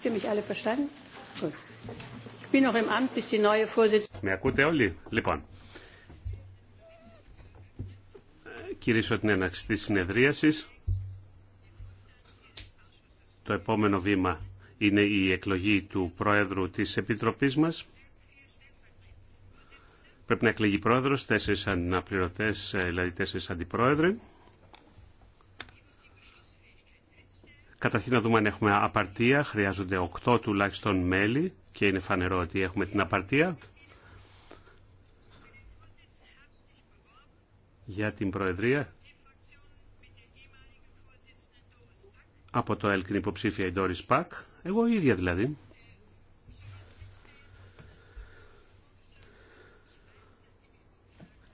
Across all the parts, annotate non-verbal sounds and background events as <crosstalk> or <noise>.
Habt ihr mich alle verstanden? Gut. Ich bin noch im Amt, bis die neue Vorsitzende... Με ακούτε όλοι? Λοιπόν. Κυρίσω την έναρξη της συνεδρίασης. Το επόμενο βήμα είναι η εκλογή του Πρόεδρου της Επιτροπής μας. Πρέπει να εκλεγεί πρόεδρος, τέσσερις αναπληρωτές, ε, δηλαδή τέσσερις αντιπρόεδροι. Καταρχήν να δούμε αν έχουμε απαρτία. Χρειάζονται 8 τουλάχιστον μέλη και είναι φανερό ότι έχουμε την απαρτία. Για την Προεδρία. Από το ΕΛΚ υποψήφια η Doris Πακ. Εγώ ίδια δηλαδή.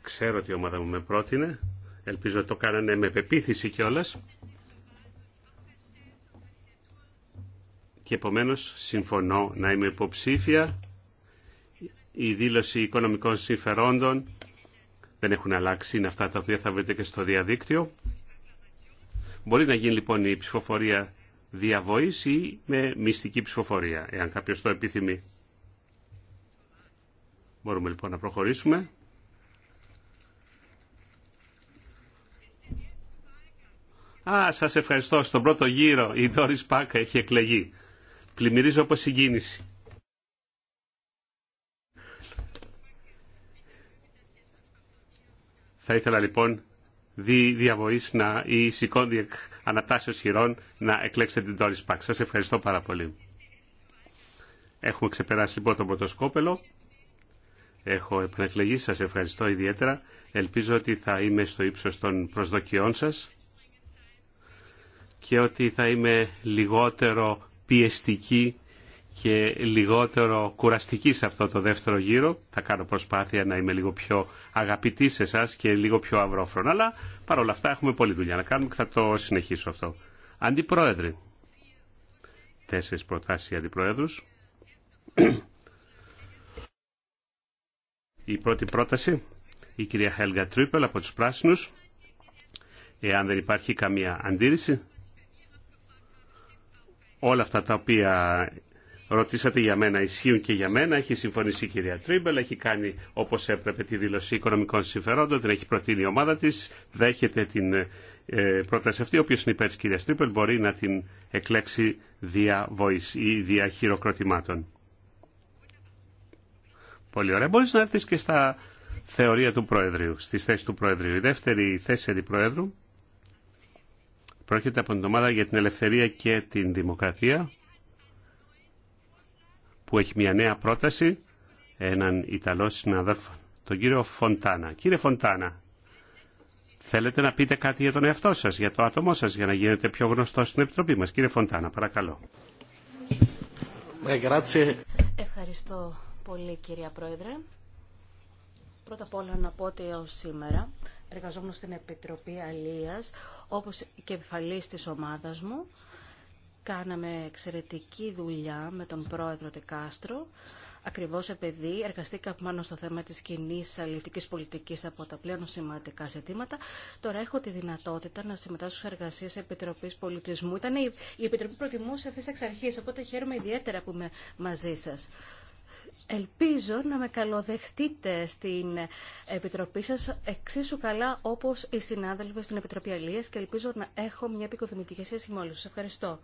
Ξέρω ότι η ομάδα μου με πρότεινε. Ελπίζω ότι το κάνανε με πεποίθηση κιόλας. και επομένως συμφωνώ να είμαι υποψήφια. Η δήλωση οικονομικών συμφερόντων δεν έχουν αλλάξει, είναι αυτά τα οποία θα βρείτε και στο διαδίκτυο. Μπορεί να γίνει λοιπόν η ψηφοφορία διαβοής ή με μυστική ψηφοφορία, εάν κάποιος το επιθυμεί. Μπορούμε λοιπόν να προχωρήσουμε. Α, σας ευχαριστώ. Στον πρώτο γύρο η Ντόρις Πάκα έχει εκλεγεί πλημμυρίζω από συγκίνηση. Θα ήθελα λοιπόν δι, να, ή σηκώνει ανατάσεως χειρών να εκλέξετε την Doris Πακ. Σας ευχαριστώ πάρα πολύ. Έχουμε ξεπεράσει λοιπόν τον Ποτοσκόπελο. Έχω επανεκλεγεί, σας ευχαριστώ ιδιαίτερα. Ελπίζω ότι θα είμαι στο ύψος των προσδοκιών σας και ότι θα είμαι λιγότερο πιεστική και λιγότερο κουραστική σε αυτό το δεύτερο γύρο. Θα κάνω προσπάθεια να είμαι λίγο πιο αγαπητή σε εσά και λίγο πιο αυρόφρονα. Αλλά παρόλα αυτά έχουμε πολλή δουλειά να κάνουμε και θα το συνεχίσω αυτό. Αντιπρόεδρε. Τέσσερι προτάσει για αντιπροέδρου. Η πρώτη πρόταση, η κυρία Χέλγα Τρίπελ από του πράσινου Εάν δεν υπάρχει καμία αντίρρηση, όλα αυτά τα οποία ρωτήσατε για μένα ισχύουν και για μένα. Έχει συμφωνήσει η κυρία Τρίμπελ, έχει κάνει όπως έπρεπε τη δήλωση οικονομικών συμφερόντων, την έχει προτείνει η ομάδα της, δέχεται την ε, πρόταση αυτή. Όποιος είναι υπέρ της κυρίας Τρίμπελ μπορεί να την εκλέξει δια voice ή δια χειροκροτημάτων. Πολύ ωραία. Μπορείς να έρθεις και στα θεωρία του Προεδρείου, στις θέσεις του Πρόεδρου. Η δεύτερη θέση Πρόεδρου. Πρόκειται από την ομάδα για την ελευθερία και την δημοκρατία που έχει μια νέα πρόταση έναν Ιταλό συνάδελφο, τον κύριο Φοντάνα. Κύριε Φοντάνα, θέλετε να πείτε κάτι για τον εαυτό σας, για το άτομό σας, για να γίνετε πιο γνωστό στην Επιτροπή μας. Κύριε Φοντάνα, παρακαλώ. Ε, Ευχαριστώ πολύ κυρία Πρόεδρε. Πρώτα απ' όλα να πω ότι έως σήμερα εργαζόμουν στην Επιτροπή Αλίας, όπως και επιφαλής της ομάδας μου. Κάναμε εξαιρετική δουλειά με τον πρόεδρο Τεκάστρο. Ακριβώς επειδή εργαστήκα πάνω στο θέμα της κοινή αλληλευτικής πολιτικής από τα πλέον σημαντικά ζητήματα, τώρα έχω τη δυνατότητα να συμμετάσχω σε εργασίες Επιτροπής Πολιτισμού. Ήταν η, Επιτροπή προτιμούσε αυτής εξ αρχής, οπότε χαίρομαι ιδιαίτερα που είμαι μαζί σας. Ελπίζω να με καλοδεχτείτε στην Επιτροπή σας εξίσου καλά όπως οι συνάδελφοι στην Επιτροπή Αλίας και ελπίζω να έχω μια επικοδομητική σχέση με όλους. Σας ευχαριστώ.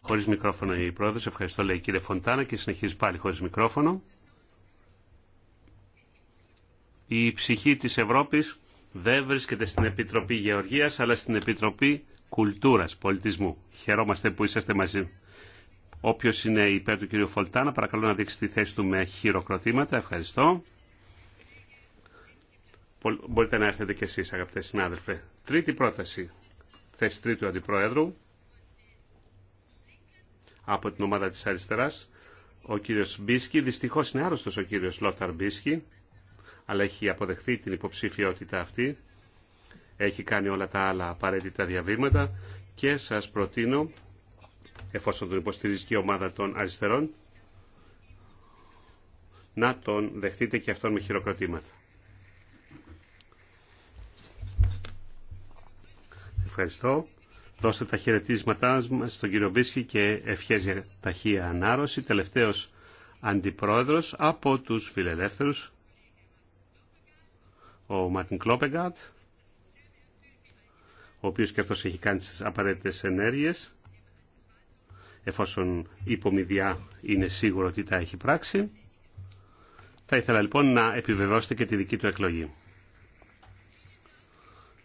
Χωρίς μικρόφωνο η πρόεδρος. Ευχαριστώ λέει κύριε Φοντάνα και συνεχίζει πάλι χωρίς μικρόφωνο. Η ψυχή της Ευρώπης δεν βρίσκεται στην Επιτροπή Γεωργίας αλλά στην Επιτροπή Κουλτούρας, Πολιτισμού. Χαιρόμαστε που είσαστε μαζί Όποιο είναι υπέρ του κύριου Φολτάνα, παρακαλώ να δείξει τη θέση του με χειροκροτήματα. Ευχαριστώ. Μπορείτε να έρθετε κι εσείς, αγαπητέ συνάδελφε. Τρίτη πρόταση. Θέση τρίτου αντιπρόεδρου από την ομάδα της αριστεράς. Ο κύριος Μπίσκι, δυστυχώς είναι άρρωστος ο κύριος Λόταρ Μπίσκι, αλλά έχει αποδεχθεί την υποψηφιότητα αυτή. Έχει κάνει όλα τα άλλα απαραίτητα διαβήματα και σας προτείνω εφόσον τον υποστηρίζει και η ομάδα των αριστερών, να τον δεχτείτε και αυτόν με χειροκροτήματα. Ευχαριστώ. Δώστε τα χαιρετίσματά μα στον κύριο Μπίσχη και ευχέ για ταχεία ανάρρωση. Τελευταίος αντιπρόεδρος από τους φιλελεύθερου, ο Μάρτιν Κλόπεγκάτ, ο οποίος και αυτό έχει κάνει τι απαραίτητε ενέργειε εφόσον η υπομοιδιά είναι σίγουρο ότι τα έχει πράξει. Θα ήθελα λοιπόν να επιβεβαιώσετε και τη δική του εκλογή.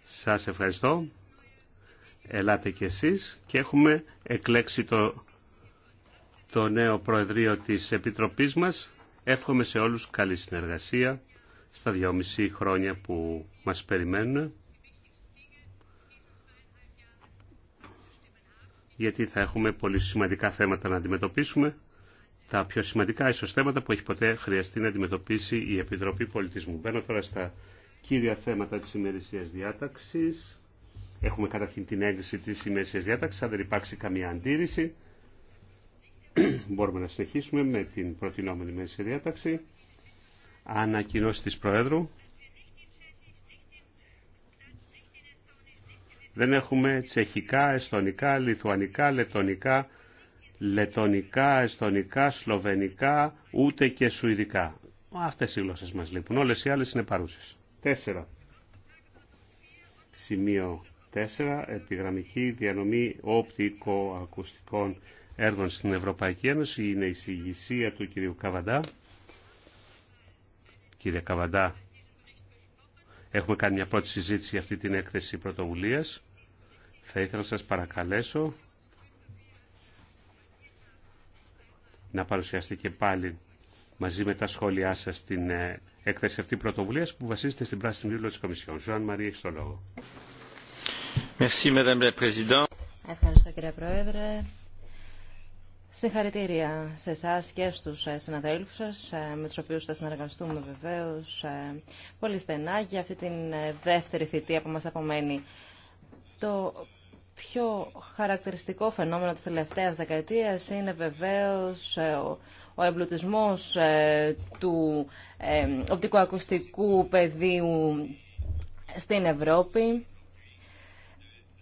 Σας ευχαριστώ. Ελάτε κι εσείς και έχουμε εκλέξει το, το νέο Προεδρείο της Επιτροπής μας. Εύχομαι σε όλους καλή συνεργασία στα δυόμιση χρόνια που μας περιμένουν. γιατί θα έχουμε πολύ σημαντικά θέματα να αντιμετωπίσουμε, τα πιο σημαντικά ίσω θέματα που έχει ποτέ χρειαστεί να αντιμετωπίσει η Επιτροπή Πολιτισμού. Μπαίνω τώρα στα κύρια θέματα της ημερησίας διάταξης. Έχουμε καταρχήν την έγκριση της ημερησίας διάταξης, αν δεν υπάρξει καμία αντίρρηση. <clears throat> Μπορούμε να συνεχίσουμε με την προτινόμενη ημερησία διάταξη. Ανακοινώσει τη Προέδρου. Δεν έχουμε τσεχικά, εστονικά, λιθουανικά, λετονικά, λετονικά, εστονικά, σλοβενικά, ούτε και σουηδικά. Αυτές οι γλώσσες μας λείπουν. Όλες οι άλλες είναι παρούσες. 4. Σημείο 4. Επιγραμμική διανομή διανομή όπτικο-ακουστικών έργων στην Ευρωπαϊκή Ένωση. Είναι η συγγυσία του κυρίου Καβαντά. Κύριε Καβαντά, έχουμε κάνει μια πρώτη συζήτηση για αυτή την έκθεση πρωτοβουλίας. Θα ήθελα να σας παρακαλέσω να παρουσιάσετε και πάλι μαζί με τα σχόλιά σας την ε, έκθεση αυτή πρωτοβουλίας που βασίζεται στην πράσινη βίβλο της Κομισιόν. Ζωάν Μαρία, έχει το λόγο. Ευχαριστώ κύριε Πρόεδρε. Συγχαρητήρια σε εσά και στου ε, συναδέλφου σα, ε, με του οποίου θα συνεργαστούμε βεβαίω πολύ στενά για αυτή τη δεύτερη θητεία που μα απομένει. Το πιο χαρακτηριστικό φαινόμενο της τελευταίας δεκαετίας είναι βεβαίως ε, ο εμπλουτισμός ε, του ε, οπτικοακουστικού πεδίου στην Ευρώπη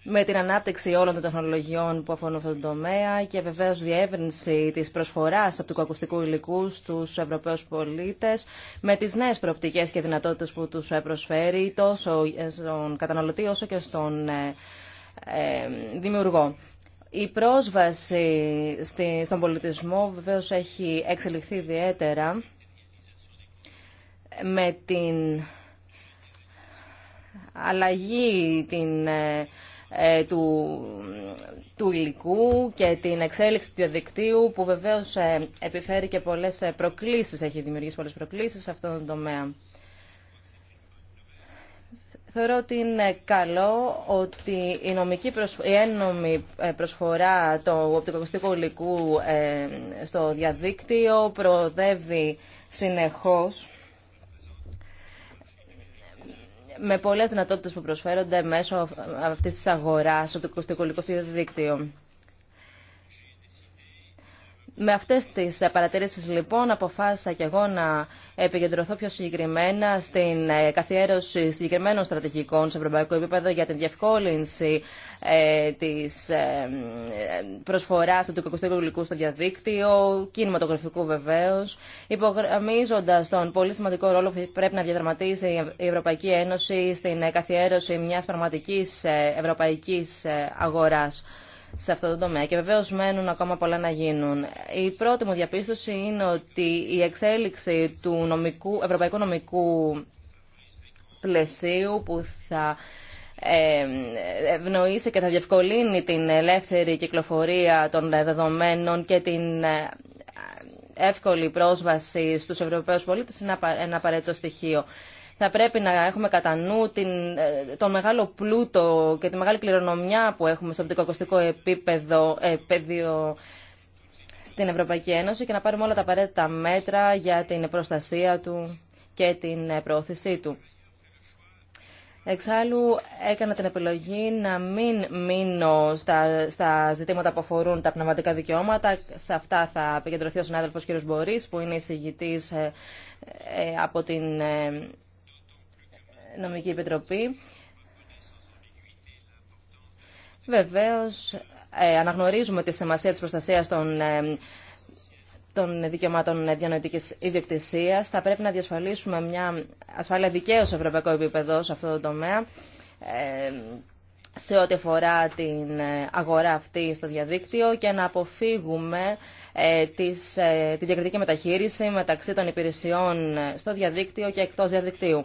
με την ανάπτυξη όλων των τεχνολογιών που αφορούν αυτόν τον τομέα και βεβαίως διεύρυνση της προσφοράς οπτικοακουστικού υλικού στους Ευρωπαίους πολίτες με τις νέες προοπτικές και δυνατότητες που τους προσφέρει τόσο στον καταναλωτή όσο και στον ε, δημιουργό. Η πρόσβαση στον πολιτισμό βεβαίως έχει εξελιχθεί ιδιαίτερα με την αλλαγή την, ε, ε, του, του υλικού και την εξέλιξη του διαδικτύου που βεβαίως επιφέρει και πολλές προκλήσεις, έχει δημιουργήσει πολλές προκλήσεις σε αυτόν τον τομέα. Θεωρώ ότι είναι καλό ότι η, νομική η ένομη ε, προσφορά του οπτικοκοστικού υλικού ε, στο διαδίκτυο προοδεύει συνεχώς με πολλές δυνατότητες που προσφέρονται μέσω αυτής της αγοράς του οπτικοκοστικού υλικού στο διαδίκτυο. Με αυτές τις παρατήρησει λοιπόν αποφάσισα και εγώ να επικεντρωθώ πιο συγκεκριμένα στην ε, καθιέρωση συγκεκριμένων στρατηγικών σε ευρωπαϊκό επίπεδο για την διευκόλυνση ε, της ε, προσφοράς του κοκκουστικού γλυκού στο διαδίκτυο, κινηματογραφικού βεβαίως, υπογραμμίζοντας τον πολύ σημαντικό ρόλο που πρέπει να διαδραματίσει η Ευρωπαϊκή Ένωση στην ε, καθιέρωση μια πραγματική ευρωπαϊκή αγορά σε αυτό το τομέα και βεβαίως μένουν ακόμα πολλά να γίνουν. Η πρώτη μου διαπίστωση είναι ότι η εξέλιξη του νομικού, ευρωπαϊκού νομικού πλαισίου που θα ε, ευνοήσει και θα διευκολύνει την ελεύθερη κυκλοφορία των δεδομένων και την ε, εύκολη πρόσβαση στους Ευρωπαίους πολίτες είναι ένα απαραίτητο στοιχείο θα πρέπει να έχουμε κατά νου την, ε, τον μεγάλο πλούτο και τη μεγάλη κληρονομιά που έχουμε σε οπτικοακουστικό επίπεδο, επίπεδο στην Ευρωπαϊκή Ένωση και να πάρουμε όλα τα απαραίτητα μέτρα για την προστασία του και την ε, προώθησή του. Εξάλλου έκανα την επιλογή να μην μείνω στα, στα ζητήματα που αφορούν τα πνευματικά δικαιώματα. Σε αυτά θα επικεντρωθεί ο συνάδελφος κ. Μπορής που είναι εισηγητής ε, από την Νομική Επιτροπή. Βεβαίως, ε, αναγνωρίζουμε τη σημασία της προστασίας των ε, των δικαιωμάτων διανοητική ιδιοκτησία. Θα πρέπει να διασφαλίσουμε μια ασφάλεια δικαίου σε ευρωπαϊκό επίπεδο σε αυτό το τομέα ε, σε ό,τι αφορά την αγορά αυτή στο διαδίκτυο και να αποφύγουμε τη διακριτική μεταχείριση μεταξύ των υπηρεσιών στο διαδίκτυο και εκτός διαδικτύου.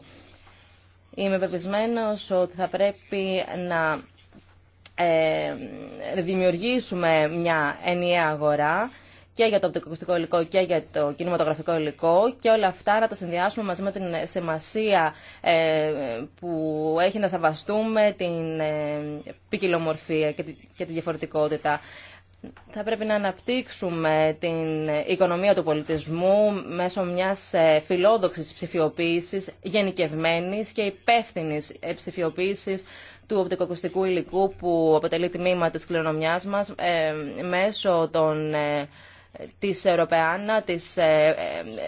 Είμαι πεπισμένος ότι θα πρέπει να ε, δημιουργήσουμε μια ενιαία αγορά και για το οπτικοακουστικό υλικό και για το κινηματογραφικό υλικό και όλα αυτά να τα συνδυάσουμε μαζί με την σημασία ε, που έχει να σαβαστούμε την ε, ποικιλομορφία και τη διαφορετικότητα θα πρέπει να αναπτύξουμε την οικονομία του πολιτισμού μέσω μιας ε, φιλόδοξης ψηφιοποίησης, γενικευμένης και υπεύθυνη ε, ψηφιοποίησης του οπτικοκουστικού υλικού που αποτελεί τμήμα της κληρονομιάς μας ε, μέσω των της Ευρωπαϊκή της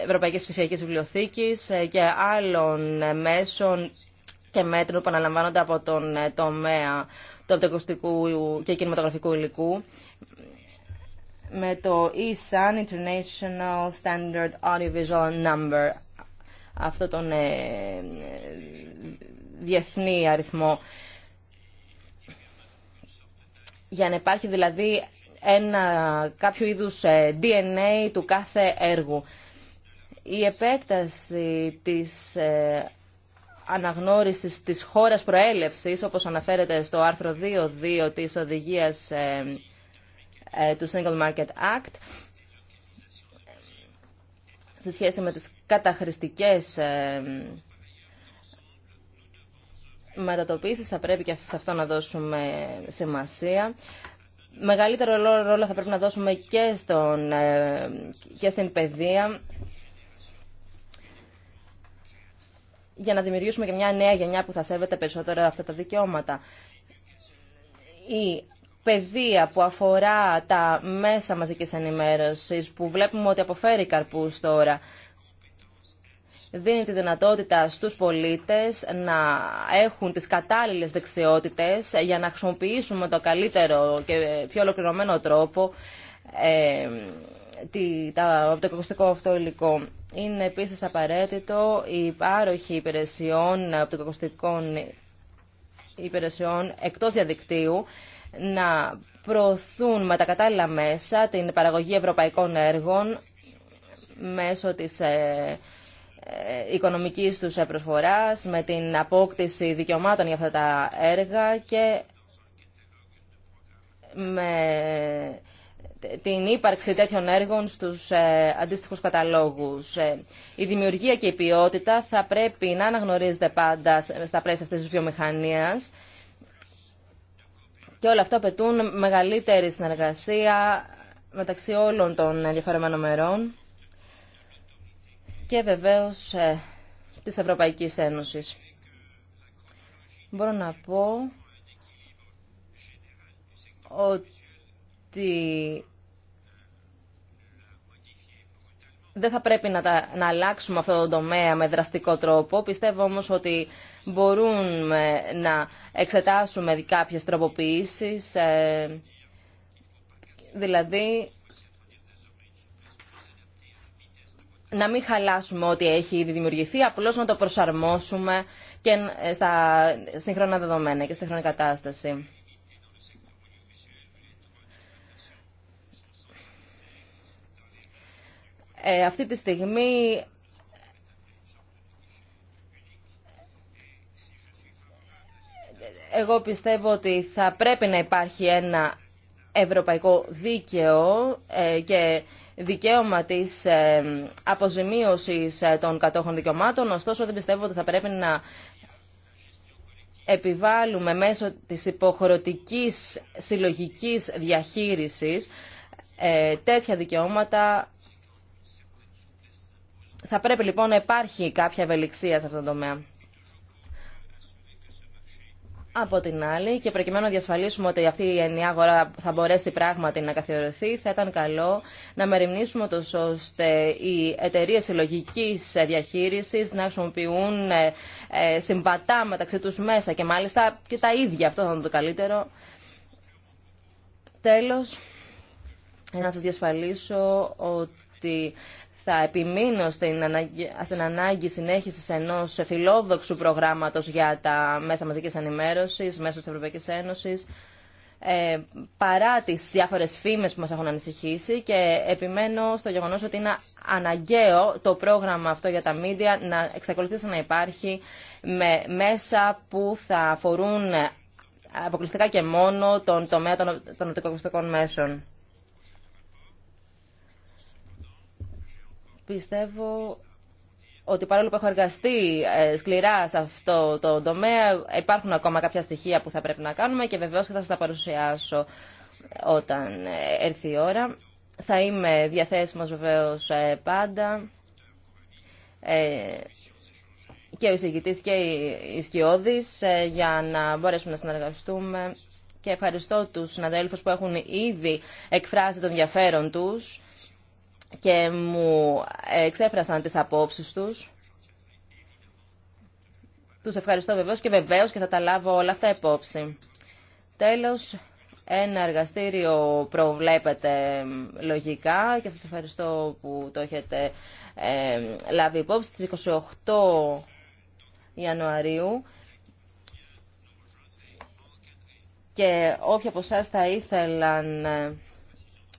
Ευρωπαϊκής Ψηφιακής Βιβλιοθήκης και άλλων μέσων και μέτρων που αναλαμβάνονται από τον τομέα του οπτικοκουστικού και κινηματογραφικού υλικού με το ESAN, International Standard Audiovisual Number, αυτό τον ε, ε, διεθνή αριθμό. Για να υπάρχει δηλαδή ένα κάποιο είδους ε, DNA του κάθε έργου. Η επέκταση της ε, αναγνώρισης της χώρας προέλευσης, όπως αναφέρεται στο άρθρο 2.2 της Οδηγίας ε, ε, του Single Market Act σε σχέση με τις καταχρηστικές ε, μετατοπίσεις θα πρέπει και σε αυτό να δώσουμε σημασία. Μεγαλύτερο ρόλο θα πρέπει να δώσουμε και, στον, ε, και στην παιδεία για να δημιουργήσουμε και μια νέα γενιά που θα σέβεται περισσότερο αυτά τα δικαιώματα. Η παιδεία που αφορά τα μέσα μαζικής ενημέρωσης που βλέπουμε ότι αποφέρει καρπούς τώρα δίνει τη δυνατότητα στους πολίτες να έχουν τις κατάλληλες δεξιότητες για να χρησιμοποιήσουμε το καλύτερο και πιο ολοκληρωμένο τρόπο ε, τα, το οπτικοκοστικό αυτό υλικό. Είναι επίσης απαραίτητο η πάροχη υπηρεσιών υπηρεσιών εκτός διαδικτύου να προωθούν με τα κατάλληλα μέσα την παραγωγή ευρωπαϊκών έργων μέσω της ε, ε, οικονομικής τους ε, προσφοράς, με την απόκτηση δικαιωμάτων για αυτά τα έργα και με την ύπαρξη τέτοιων έργων στους αντίστοιχους καταλόγους. Η δημιουργία και η ποιότητα θα πρέπει να αναγνωρίζεται πάντα στα πλαίσια αυτής της βιομηχανίας και όλα αυτά απαιτούν μεγαλύτερη συνεργασία μεταξύ όλων των ενδιαφερομένων μερών και βεβαίως ε, της Ευρωπαϊκής Ένωσης. Μπορώ να πω ότι δεν θα πρέπει να, να αλλάξουμε αυτό το τομέα με δραστικό τρόπο. Πιστεύω όμως ότι μπορούμε να εξετάσουμε κάποιες τροποποιήσεις. Ε, δηλαδή, να μην χαλάσουμε ό,τι έχει ήδη δημιουργηθεί, απλώς να το προσαρμόσουμε και ε, στα σύγχρονα δεδομένα και στη κατάσταση. Ε, αυτή τη στιγμή εγώ πιστεύω ότι θα πρέπει να υπάρχει ένα ευρωπαϊκό δίκαιο ε, και δικαίωμα της ε, αποζημίωσης των κατόχων δικαιωμάτων, ωστόσο δεν πιστεύω ότι θα πρέπει να επιβάλλουμε μέσω της υποχρεωτικής συλλογικής διαχείρισης τέτοια δικαιώματα θα πρέπει λοιπόν να υπάρχει κάποια ευελιξία σε αυτό το τομέα. Από την άλλη, και προκειμένου να διασφαλίσουμε ότι αυτή η ενιαία αγορά θα μπορέσει πράγματι να καθιερωθεί, θα ήταν καλό να μεριμνήσουμε τόσο ώστε οι εταιρείε συλλογική διαχείριση να χρησιμοποιούν ε, ε, συμβατά μεταξύ του μέσα και μάλιστα και τα ίδια. Αυτό θα ήταν το καλύτερο. Τέλο, να σα διασφαλίσω ότι θα επιμείνω στην ανάγκη, στην ανάγκη συνέχισης ενός φιλόδοξου προγράμματος για τα μέσα μαζικής ενημέρωσης, μέσω της Ευρωπαϊκής Ένωσης, ε, παρά τις διάφορες φήμες που μας έχουν ανησυχήσει και επιμένω στο γεγονός ότι είναι αναγκαίο το πρόγραμμα αυτό για τα μίντια να εξακολουθήσει να υπάρχει με μέσα που θα αφορούν αποκλειστικά και μόνο τον τομέα των οπτικοακουστικών μέσων. Πιστεύω ότι παρόλο που έχω εργαστεί ε, σκληρά σε αυτό το τομέα, υπάρχουν ακόμα κάποια στοιχεία που θα πρέπει να κάνουμε και βεβαίως θα σας τα παρουσιάσω όταν ε, έρθει η ώρα. Θα είμαι διαθέσιμος βεβαίως ε, πάντα και ο εισηγητής και οι Σκιώδης για να μπορέσουμε να συνεργαστούμε και ευχαριστώ τους συναδέλφους που έχουν ήδη εκφράσει τον ενδιαφέρον τους και μου ε, εξέφρασαν τις απόψεις τους. Τους ευχαριστώ βεβαίως και βεβαίως και θα τα λάβω όλα αυτά υπόψη. Τέλος, ένα εργαστήριο προβλέπεται λογικά και σας ευχαριστώ που το έχετε ε, λάβει υπόψη στις 28 Ιανουαρίου. Και οποια από εσάς θα ήθελαν ε,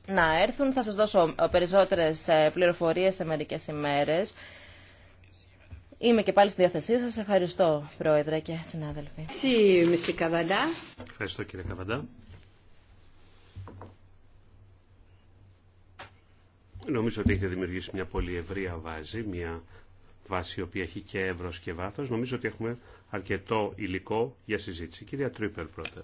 να έρθουν. Θα σας δώσω ε, περισσότερες ε, πληροφορίες σε μερικές ημέρες. Είμαι και πάλι στη διάθεσή σας. Ευχαριστώ, Πρόεδρε και συνάδελφοι. Ευχαριστώ, κύριε Καβαντά. Νομίζω ότι έχετε δημιουργήσει μια πολύ ευρία βάση, μια βάση η οποία έχει και εύρος και βάθος. Νομίζω ότι έχουμε αρκετό υλικό για συζήτηση. Κυρία Τρίπερ πρώτα.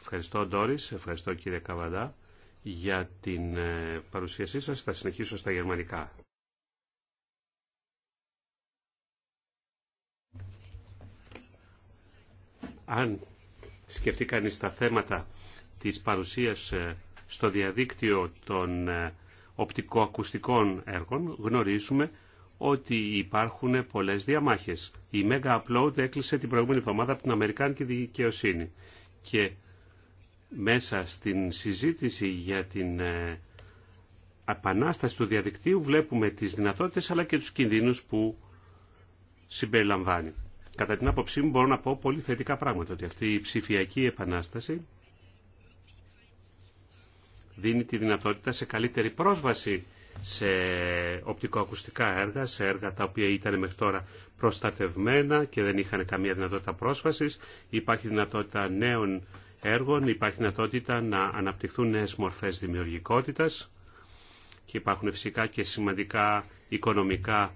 Ευχαριστώ Ντόρις, ευχαριστώ κύριε Καβαντά για την ε, παρουσίασή σας. Θα συνεχίσω στα γερμανικά. Αν σκεφτεί κανείς τα θέματα της παρουσίας ε, στο διαδίκτυο των ε, οπτικοακουστικών έργων, γνωρίζουμε ότι υπάρχουν πολλές διαμάχες. Η Mega Upload έκλεισε την προηγούμενη εβδομάδα από την Αμερικάνικη Δικαιοσύνη και μέσα στην συζήτηση για την επανάσταση του διαδικτύου βλέπουμε τις δυνατότητες αλλά και τους κινδύνους που συμπεριλαμβάνει. Κατά την άποψή μου μπορώ να πω πολύ θετικά πράγματα ότι αυτή η ψηφιακή επανάσταση δίνει τη δυνατότητα σε καλύτερη πρόσβαση σε οπτικοακουστικά έργα, σε έργα τα οποία ήταν μέχρι τώρα προστατευμένα και δεν είχαν καμία δυνατότητα πρόσβασης. Υπάρχει δυνατότητα νέων έργων, υπάρχει δυνατότητα να αναπτυχθούν νέες μορφές δημιουργικότητας και υπάρχουν φυσικά και σημαντικά οικονομικά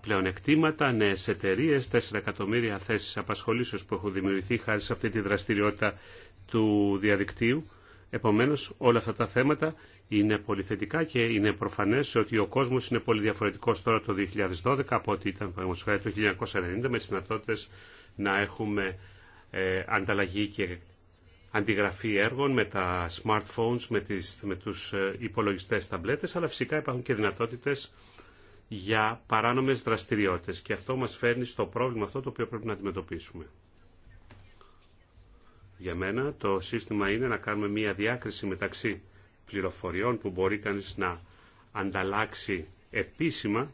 πλεονεκτήματα, νέε εταιρείε, 4 εκατομμύρια θέσει απασχολήσεω που έχουν δημιουργηθεί χάρη σε αυτή τη δραστηριότητα του διαδικτύου. Επομένω, όλα αυτά τα θέματα είναι πολυθετικά και είναι προφανέ ότι ο κόσμο είναι πολύ διαφορετικό τώρα το 2012 από ό,τι ήταν το 1990 με τι δυνατότητε να έχουμε ε, ανταλλαγή και αντιγραφή έργων με τα smartphones, με, τις, με τους ε, υπολογιστές ταμπλέτες, αλλά φυσικά υπάρχουν και δυνατότητες για παράνομες δραστηριότητες και αυτό μας φέρνει στο πρόβλημα αυτό το οποίο πρέπει να αντιμετωπίσουμε. Για μένα το σύστημα είναι να κάνουμε μία διάκριση μεταξύ πληροφοριών που μπορεί κανείς να ανταλλάξει επίσημα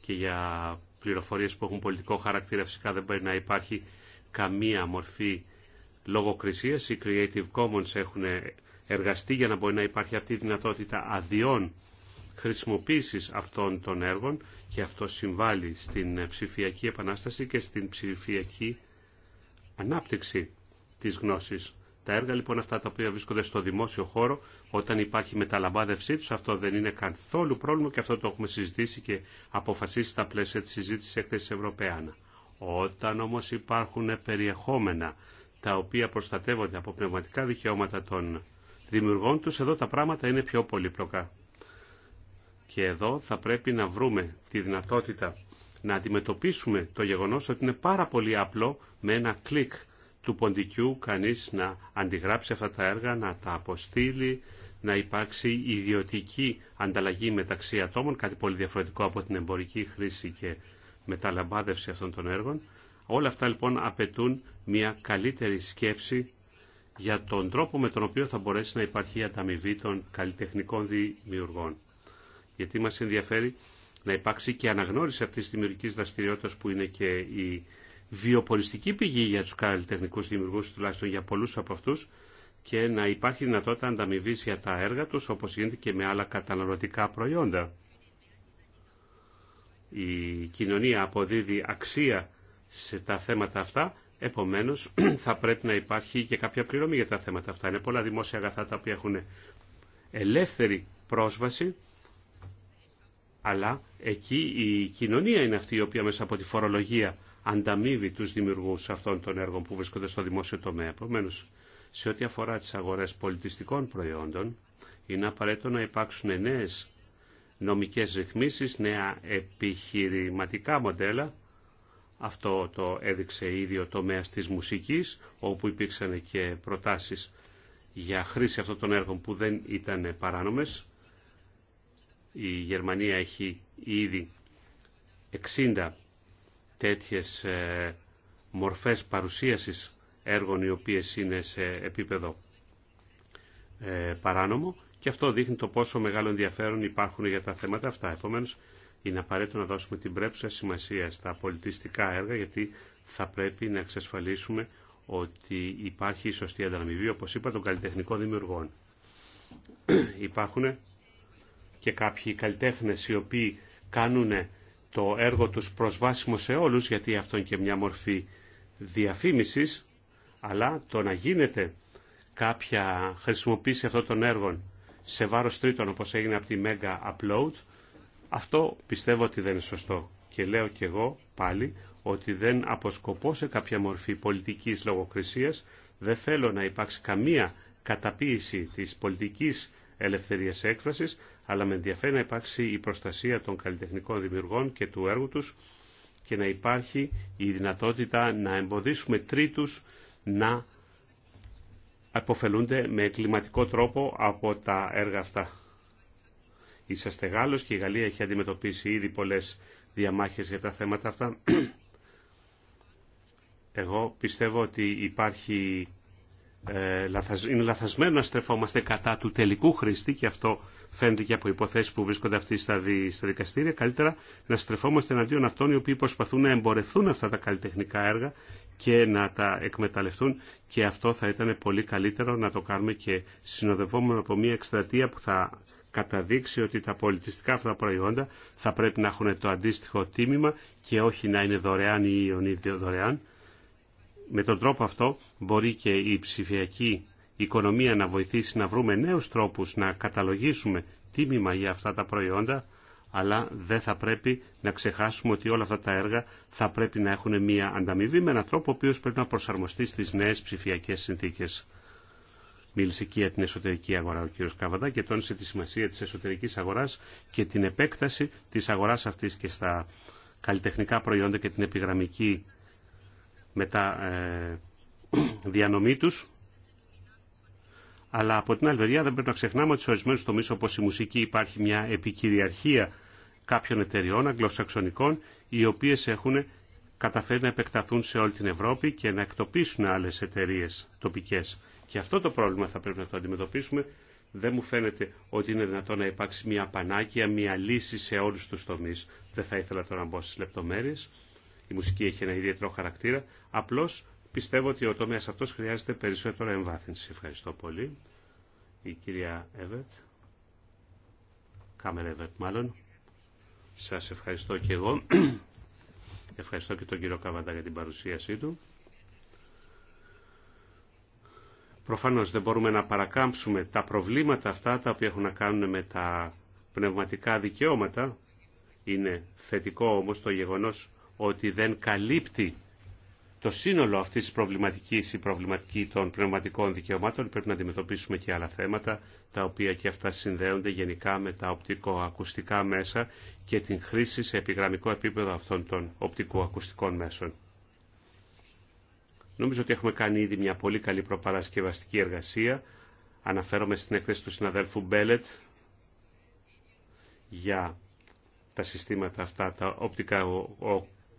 και για πληροφορίες που έχουν πολιτικό χαρακτήρα φυσικά δεν μπορεί να υπάρχει καμία μορφή λογοκρισίας. Οι Creative Commons έχουν εργαστεί για να μπορεί να υπάρχει αυτή η δυνατότητα αδειών χρησιμοποίησης αυτών των έργων και αυτό συμβάλλει στην ψηφιακή επανάσταση και στην ψηφιακή ανάπτυξη της γνώσης. Τα έργα λοιπόν αυτά τα οποία βρίσκονται στο δημόσιο χώρο, όταν υπάρχει μεταλαμπάδευσή τους, αυτό δεν είναι καθόλου πρόβλημα και αυτό το έχουμε συζητήσει και αποφασίσει στα πλαίσια της συζήτησης έκθεσης Ευρωπαίανα. Όταν όμως υπάρχουν περιεχόμενα τα οποία προστατεύονται από πνευματικά δικαιώματα των δημιουργών τους, εδώ τα πράγματα είναι πιο πολύπλοκα. Και εδώ θα πρέπει να βρούμε τη δυνατότητα να αντιμετωπίσουμε το γεγονός ότι είναι πάρα πολύ απλό με ένα κλικ του ποντικού κανείς να αντιγράψει αυτά τα έργα, να τα αποστείλει, να υπάρξει ιδιωτική ανταλλαγή μεταξύ ατόμων, κάτι πολύ διαφορετικό από την εμπορική χρήση και μεταλαμπάδευση αυτών των έργων. Όλα αυτά λοιπόν απαιτούν μια καλύτερη σκέψη για τον τρόπο με τον οποίο θα μπορέσει να υπάρχει η ανταμοιβή των καλλιτεχνικών δημιουργών. Γιατί μας ενδιαφέρει να υπάρξει και αναγνώριση αυτής της δημιουργικής δραστηριότητας που είναι και η βιοποριστική πηγή για τους καλλιτεχνικούς δημιουργούς, τουλάχιστον για πολλούς από αυτούς, και να υπάρχει δυνατότητα ανταμοιβή για τα έργα τους, όπως γίνεται και με άλλα καταναλωτικά προϊόντα η κοινωνία αποδίδει αξία σε τα θέματα αυτά, επομένως <clears throat> θα πρέπει να υπάρχει και κάποια πληρωμή για τα θέματα αυτά. Είναι πολλά δημόσια αγαθά τα οποία έχουν ελεύθερη πρόσβαση, αλλά εκεί η κοινωνία είναι αυτή η οποία μέσα από τη φορολογία ανταμείβει τους δημιουργούς αυτών των έργων που βρίσκονται στο δημόσιο τομέα. Επομένω, σε ό,τι αφορά τις αγορές πολιτιστικών προϊόντων, είναι απαραίτητο να υπάρξουν νέες νομικές ρυθμίσεις, νέα επιχειρηματικά μοντέλα. Αυτό το έδειξε ήδη ο τομέα της μουσικής, όπου υπήρξαν και προτάσεις για χρήση αυτών των έργων που δεν ήταν παράνομες. Η Γερμανία έχει ήδη 60 τέτοιες ε, μορφές παρουσίασης έργων οι οποίες είναι σε επίπεδο ε, παράνομο και αυτό δείχνει το πόσο μεγάλο ενδιαφέρον υπάρχουν για τα θέματα αυτά. Επομένως, είναι απαραίτητο να δώσουμε την πρέπουσα σημασία στα πολιτιστικά έργα, γιατί θα πρέπει να εξασφαλίσουμε ότι υπάρχει η σωστή ανταμοιβή, όπως είπα, των καλλιτεχνικών δημιουργών. <clears throat> Υπάρχουν και κάποιοι καλλιτέχνες οι οποίοι κάνουν το έργο τους προσβάσιμο σε όλους, γιατί αυτό είναι και μια μορφή διαφήμισης, αλλά το να γίνεται κάποια χρησιμοποίηση αυτών των έργων σε βάρος τρίτων όπως έγινε από τη Mega Upload, αυτό πιστεύω ότι δεν είναι σωστό. Και λέω και εγώ πάλι ότι δεν αποσκοπώ σε κάποια μορφή πολιτικής λογοκρισίας, δεν θέλω να υπάρξει καμία καταποίηση της πολιτικής ελευθερίας έκφρασης, αλλά με ενδιαφέρει να υπάρξει η προστασία των καλλιτεχνικών δημιουργών και του έργου τους και να υπάρχει η δυνατότητα να εμποδίσουμε τρίτους να αποφελούνται με κλιματικό τρόπο από τα έργα αυτά. Είσαστε Γάλλος και η Γαλλία έχει αντιμετωπίσει ήδη πολλές διαμάχες για τα θέματα αυτά. <clears throat> Εγώ πιστεύω ότι υπάρχει ε, είναι λαθασμένο να στρεφόμαστε κατά του τελικού χρήστη και αυτό φαίνεται και από υποθέσεις που βρίσκονται αυτή στα, δι, δικαστήρια. Καλύτερα να στρεφόμαστε εναντίον αυτών οι οποίοι προσπαθούν να εμπορευθούν αυτά τα καλλιτεχνικά έργα και να τα εκμεταλλευτούν και αυτό θα ήταν πολύ καλύτερο να το κάνουμε και συνοδευόμενο από μια εκστρατεία που θα καταδείξει ότι τα πολιτιστικά αυτά προϊόντα θα πρέπει να έχουν το αντίστοιχο τίμημα και όχι να είναι δωρεάν ή ιονίδιο δωρεάν με τον τρόπο αυτό μπορεί και η ψηφιακή οικονομία να βοηθήσει να βρούμε νέους τρόπους να καταλογίσουμε τίμημα για αυτά τα προϊόντα, αλλά δεν θα πρέπει να ξεχάσουμε ότι όλα αυτά τα έργα θα πρέπει να έχουν μία ανταμοιβή με έναν τρόπο ο οποίο πρέπει να προσαρμοστεί στις νέες ψηφιακές συνθήκες. Μίλησε και για την εσωτερική αγορά ο κ. Καβαδά και τόνισε τη σημασία της εσωτερικής αγοράς και την επέκταση της αγοράς αυτής και στα καλλιτεχνικά προϊόντα και την επιγραμμική μετά ε, διανομή τους. Αλλά από την άλλη δεν πρέπει να ξεχνάμε ότι σε ορισμένου τομείς όπω η μουσική υπάρχει μια επικυριαρχία κάποιων εταιριών αγγλοσαξονικών οι οποίες έχουν καταφέρει να επεκταθούν σε όλη την Ευρώπη και να εκτοπίσουν άλλες εταιρείε τοπικές Και αυτό το πρόβλημα θα πρέπει να το αντιμετωπίσουμε. Δεν μου φαίνεται ότι είναι δυνατό να υπάρξει μια πανάκια, μια λύση σε όλους τους τομεί. Δεν θα ήθελα τώρα να μπω στι λεπτομέρειε η μουσική έχει ένα ιδιαίτερο χαρακτήρα. Απλώς πιστεύω ότι ο τομέας αυτός χρειάζεται περισσότερο εμβάθυνση. Ευχαριστώ πολύ. Η κυρία Εβετ, Κάμερα Εβετ μάλλον. Σας ευχαριστώ και εγώ. <clears throat> Ευχαριστώ και τον κύριο Καβαντά για την παρουσίασή του. Προφανώς δεν μπορούμε να παρακάμψουμε τα προβλήματα αυτά τα οποία έχουν να κάνουν με τα πνευματικά δικαιώματα. Είναι θετικό όμως το γεγονός ότι δεν καλύπτει το σύνολο αυτής της προβληματικής ή προβληματική των πνευματικών δικαιωμάτων πρέπει να αντιμετωπίσουμε και άλλα θέματα τα οποία και αυτά συνδέονται γενικά με τα οπτικοακουστικά μέσα και την χρήση σε επιγραμμικό επίπεδο αυτών των οπτικοακουστικών μέσων. Νομίζω ότι έχουμε κάνει ήδη μια πολύ καλή προπαρασκευαστική εργασία. Αναφέρομαι στην έκθεση του συναδέλφου Μπέλετ για τα συστήματα αυτά, τα οπτικά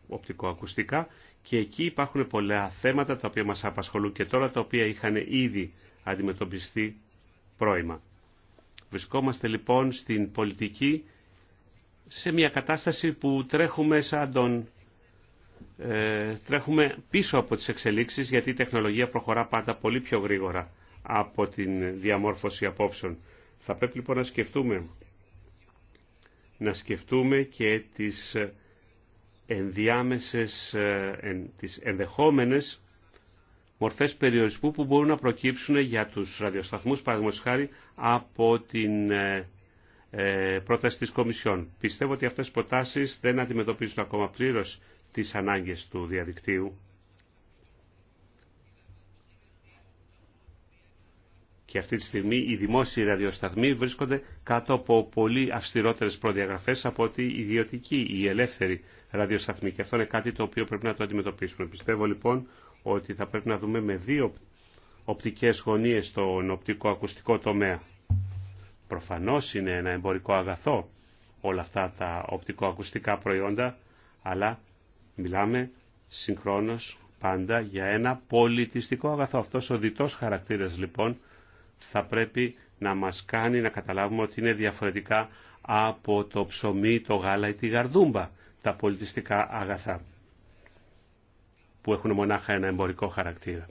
οπτικοακουστικά και εκεί υπάρχουν πολλά θέματα τα οποία μας απασχολούν και τώρα τα οποία είχαν ήδη αντιμετωπιστεί πρώιμα. Βρισκόμαστε λοιπόν στην πολιτική σε μια κατάσταση που τρέχουμε τον ε, τρέχουμε πίσω από τις εξελίξεις γιατί η τεχνολογία προχωρά πάντα πολύ πιο γρήγορα από την διαμόρφωση απόψεων. Θα πρέπει λοιπόν να σκεφτούμε να σκεφτούμε και τις ενδιάμεσες, ε, εν, τις ενδεχόμενες μορφές περιορισμού που μπορούν να προκύψουν για τους ραδιοσταθμούς, παραδείγματος χάρη, από την ε, ε, πρόταση της Κομισιόν. Πιστεύω ότι αυτές οι προτάσεις δεν αντιμετωπίζουν ακόμα πλήρως τις ανάγκες του διαδικτύου. Και αυτή τη στιγμή οι δημόσιοι ραδιοσταθμοί βρίσκονται κάτω από πολύ αυστηρότερες προδιαγραφές από ότι οι ιδιωτικοί, οι ελεύθεροι ραδιοσταθμοί. Και αυτό είναι κάτι το οποίο πρέπει να το αντιμετωπίσουμε. Πιστεύω λοιπόν ότι θα πρέπει να δούμε με δύο οπτικές γωνίες στον οπτικο-ακουστικό τομέα. Προφανώς είναι ένα εμπορικό αγαθό όλα αυτά τα οπτικοακουστικά προϊόντα, αλλά μιλάμε συγχρόνως πάντα για ένα πολιτιστικό αγαθό. Αυτός ο διτός χαρακτήρας λοιπόν θα πρέπει να μας κάνει να καταλάβουμε ότι είναι διαφορετικά από το ψωμί, το γάλα ή τη γαρδούμπα τα πολιτιστικά αγαθά που έχουν μονάχα ένα εμπορικό χαρακτήρα.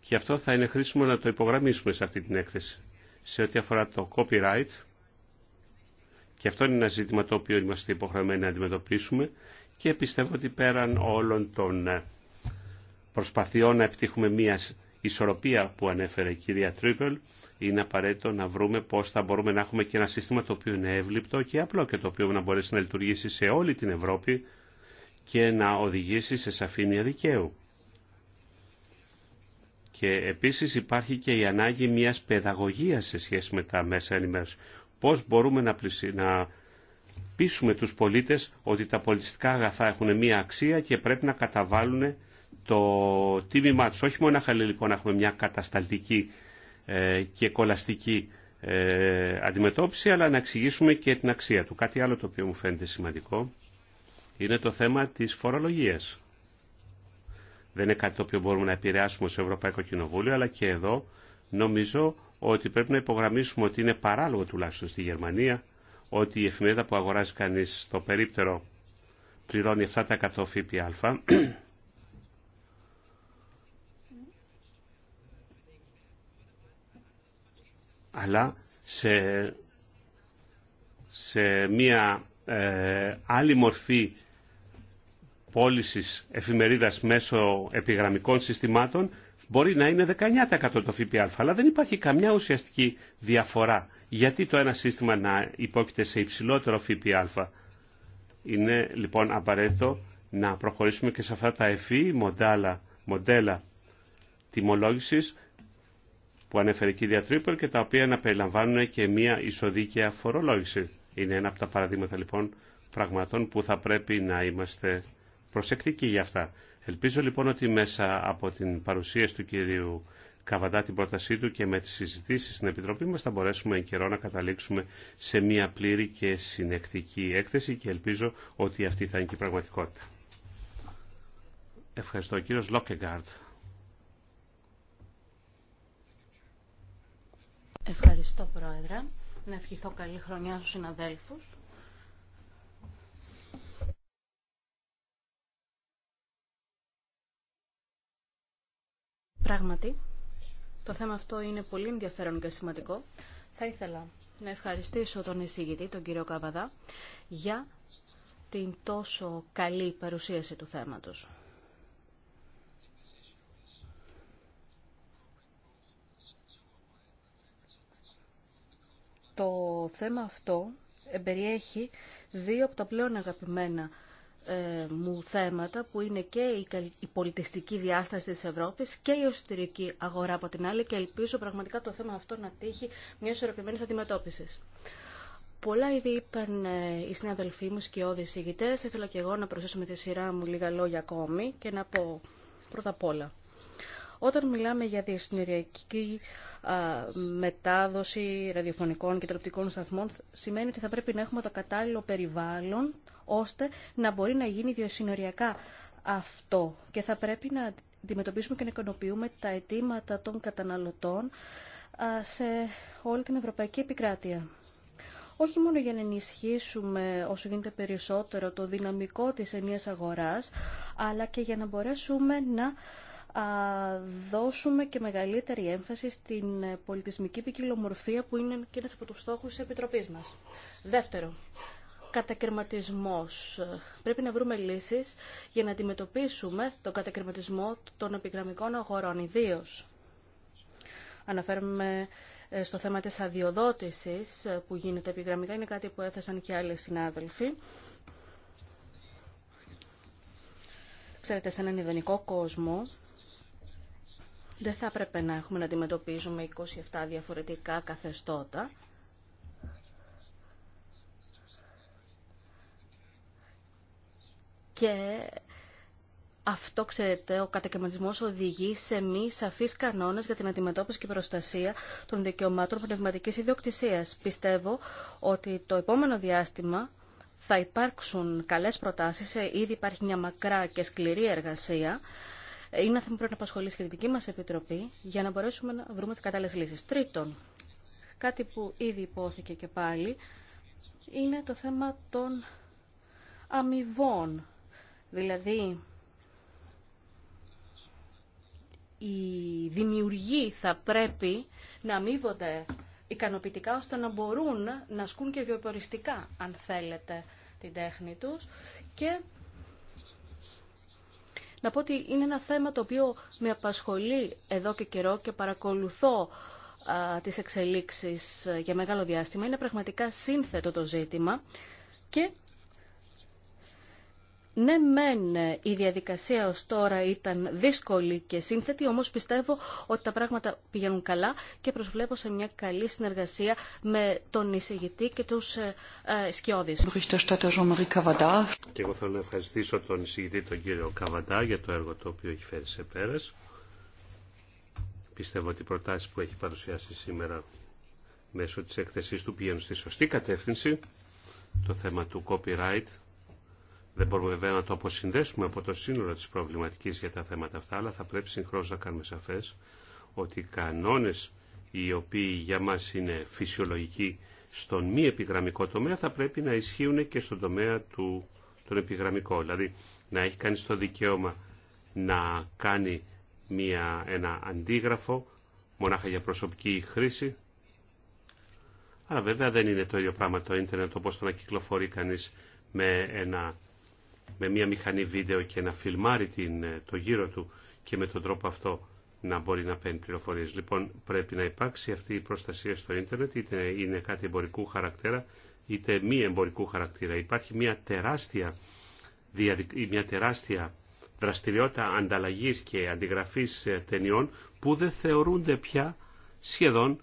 Και αυτό θα είναι χρήσιμο να το υπογραμμίσουμε σε αυτή την έκθεση. Σε ό,τι αφορά το copyright, και αυτό είναι ένα ζήτημα το οποίο είμαστε υποχρεωμένοι να αντιμετωπίσουμε και πιστεύω ότι πέραν όλων των ε, προσπαθειών να επιτύχουμε μια ισορροπία που ανέφερε η κυρία Τρίπελ, είναι απαραίτητο να βρούμε πώ θα μπορούμε να έχουμε και ένα σύστημα το οποίο είναι εύληπτο και απλό και το οποίο να μπορέσει να λειτουργήσει σε όλη την Ευρώπη και να οδηγήσει σε σαφήνεια δικαίου. Και επίσης υπάρχει και η ανάγκη μιας παιδαγωγίας σε σχέση με τα μέσα ενημέρωση. Πώς μπορούμε να, να πείσουμε τους πολίτες ότι τα πολιτιστικά αγαθά έχουν μία αξία και πρέπει να καταβάλουν το τίμημά τους. Όχι μόνο λοιπόν να έχουμε μια κατασταλτική ε, και κολαστική ε, αντιμετώπιση, αλλά να εξηγήσουμε και την αξία του. Κάτι άλλο το οποίο μου φαίνεται σημαντικό είναι το θέμα της φορολογίας. Δεν είναι κάτι το οποίο μπορούμε να επηρεάσουμε στο Ευρωπαϊκό Κοινοβούλιο, αλλά και εδώ νομίζω ότι πρέπει να υπογραμμίσουμε ότι είναι παράλογο τουλάχιστον στη Γερμανία ότι η εφημερίδα που αγοράζει κανείς στο περίπτερο πληρώνει 7% ΦΠΑ αλλά σε, σε μία ε, άλλη μορφή πώληση εφημερίδας μέσω επιγραμμικών συστημάτων μπορεί να είναι 19% το ΦΠΑ, αλλά δεν υπάρχει καμιά ουσιαστική διαφορά. Γιατί το ένα σύστημα να υπόκειται σε υψηλότερο ΦΠΑ. Είναι λοιπόν απαραίτητο να προχωρήσουμε και σε αυτά τα εφή μοντέλα, μοντέλα τιμολόγησης που ανέφερε η κυρία Τρίπερ και τα οποία να περιλαμβάνουν και μια ισοδίκαια φορολόγηση. Είναι ένα από τα παραδείγματα λοιπόν πραγματών που θα πρέπει να είμαστε προσεκτικοί για αυτά. Ελπίζω λοιπόν ότι μέσα από την παρουσίαση του κυρίου Καβαντά την πρότασή του και με τις συζητήσεις στην Επιτροπή μας θα μπορέσουμε εν καιρό να καταλήξουμε σε μια πλήρη και συνεκτική έκθεση και ελπίζω ότι αυτή θα είναι και η πραγματικότητα. Ευχαριστώ. κύριος Λόκεγκάρτ. Ευχαριστώ, Πρόεδρε. Να ευχηθώ καλή χρονιά στους συναδέλφους. Πράγματι, το θέμα αυτό είναι πολύ ενδιαφέρον και σημαντικό. Θα ήθελα να ευχαριστήσω τον εισηγητή, τον κύριο Καβαδά, για την τόσο καλή παρουσίαση του θέματος. το θέμα αυτό περιέχει δύο από τα πλέον αγαπημένα ε, μου θέματα που είναι και η πολιτιστική διάσταση της Ευρώπης και η εσωτερική αγορά από την άλλη και ελπίζω πραγματικά το θέμα αυτό να τύχει μια ισορροπημένη αντιμετώπιση. Πολλά ήδη είπαν ε, οι συναδελφοί μου και οι ηγητές. Ήθελα και εγώ να προσθέσω με τη σειρά μου λίγα λόγια ακόμη και να πω πρώτα απ' όλα όταν μιλάμε για διασυνοριακή μετάδοση ραδιοφωνικών και τροπτικών σταθμών, σημαίνει ότι θα πρέπει να έχουμε το κατάλληλο περιβάλλον ώστε να μπορεί να γίνει διασυνοριακά αυτό και θα πρέπει να αντιμετωπίσουμε και να ικανοποιούμε τα αιτήματα των καταναλωτών σε όλη την ευρωπαϊκή επικράτεια. Όχι μόνο για να ενισχύσουμε όσο γίνεται περισσότερο το δυναμικό της ενίας αγοράς, αλλά και για να μπορέσουμε να δώσουμε και μεγαλύτερη έμφαση στην ε, πολιτισμική ποικιλομορφία που είναι και ένας από τους στόχους της Επιτροπής μας. Δεύτερο, κατακαιρματισμός. Ε, πρέπει να βρούμε λύσεις για να αντιμετωπίσουμε τον κατακαιρματισμό των επιγραμμικών αγορών, ιδίω. Αναφέρουμε στο θέμα της αδειοδότησης ε, που γίνεται επιγραμμικά, είναι κάτι που έθεσαν και άλλοι συνάδελφοι. Ξέρετε, σε έναν ιδανικό κόσμο δεν θα έπρεπε να έχουμε να αντιμετωπίζουμε 27 διαφορετικά καθεστώτα. Και αυτό, ξέρετε, ο κατακαιρματισμός οδηγεί σε μη σαφείς κανόνες για την αντιμετώπιση και προστασία των δικαιωμάτων πνευματικής ιδιοκτησίας. Πιστεύω ότι το επόμενο διάστημα θα υπάρξουν καλές προτάσεις. Ε, ήδη υπάρχει μια μακρά και σκληρή εργασία είναι ένα θέμα που πρέπει να απασχολήσει και τη δική μας Επιτροπή για να μπορέσουμε να βρούμε τι κατάλληλε λύσει. Τρίτον, κάτι που ήδη υπόθηκε και πάλι, είναι το θέμα των αμοιβών. Δηλαδή, οι δημιουργοί θα πρέπει να αμείβονται ικανοποιητικά ώστε να μπορούν να ασκούν και βιοποριστικά, αν θέλετε, την τέχνη τους και να πω ότι είναι ένα θέμα το οποίο με απασχολεί εδώ και καιρό και παρακολουθώ α, τις εξελίξεις ε, για μεγάλο διάστημα. Είναι πραγματικά σύνθετο το ζήτημα και ναι μεν ε, η διαδικασία ω τώρα ήταν δύσκολη και σύνθετη, όμως πιστεύω ότι τα πράγματα πηγαίνουν καλά και προσβλέπω σε μια καλή συνεργασία με τον εισηγητή και τους ε, ε Και εγώ θέλω να ευχαριστήσω τον εισηγητή τον κύριο Καβαντά για το έργο το οποίο έχει φέρει σε πέρας. Πιστεύω ότι οι προτάσεις που έχει παρουσιάσει σήμερα μέσω της έκθεσής του πηγαίνουν στη σωστή κατεύθυνση. Το θέμα του copyright δεν μπορούμε βέβαια να το αποσυνδέσουμε από το σύνολο της προβληματικής για τα θέματα αυτά, αλλά θα πρέπει συγχρόνως να κάνουμε σαφές ότι οι κανόνες οι οποίοι για μας είναι φυσιολογικοί στον μη επιγραμμικό τομέα θα πρέπει να ισχύουν και στον τομέα του, τον επιγραμμικό. Δηλαδή να έχει κάνει το δικαίωμα να κάνει μια, ένα αντίγραφο μονάχα για προσωπική χρήση. Αλλά βέβαια δεν είναι το ίδιο πράγμα το ίντερνετ όπως το να κυκλοφορεί κανείς με ένα με μια μηχανή βίντεο και να φιλμάρει την, ε, το γύρο του και με τον τρόπο αυτό να μπορεί να παίρνει πληροφορίε. Λοιπόν, πρέπει να υπάρξει αυτή η προστασία στο ίντερνετ, είτε είναι κάτι εμπορικού χαρακτήρα, είτε μη εμπορικού χαρακτήρα. Υπάρχει μια τεράστια, μια τεράστια δραστηριότητα ανταλλαγή και αντιγραφή ε, ταινιών που δεν θεωρούνται πια σχεδόν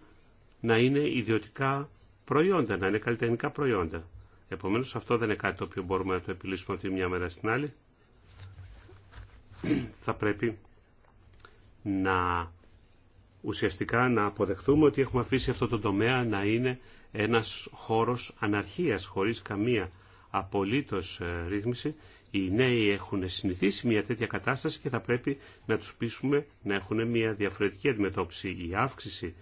να είναι ιδιωτικά προϊόντα, να είναι καλλιτεχνικά προϊόντα. Επομένως αυτό δεν είναι κάτι το οποίο μπορούμε να το επιλύσουμε από τη μια μέρα στην άλλη. Θα πρέπει να ουσιαστικά να αποδεχθούμε ότι έχουμε αφήσει αυτό το τομέα να είναι ένας χώρος αναρχίας χωρίς καμία απολύτως ε, ρύθμιση. Οι νέοι έχουν συνηθίσει μια τέτοια κατάσταση και θα πρέπει να τους πείσουμε να έχουν μια διαφορετική αντιμετώπιση. Η αύξηση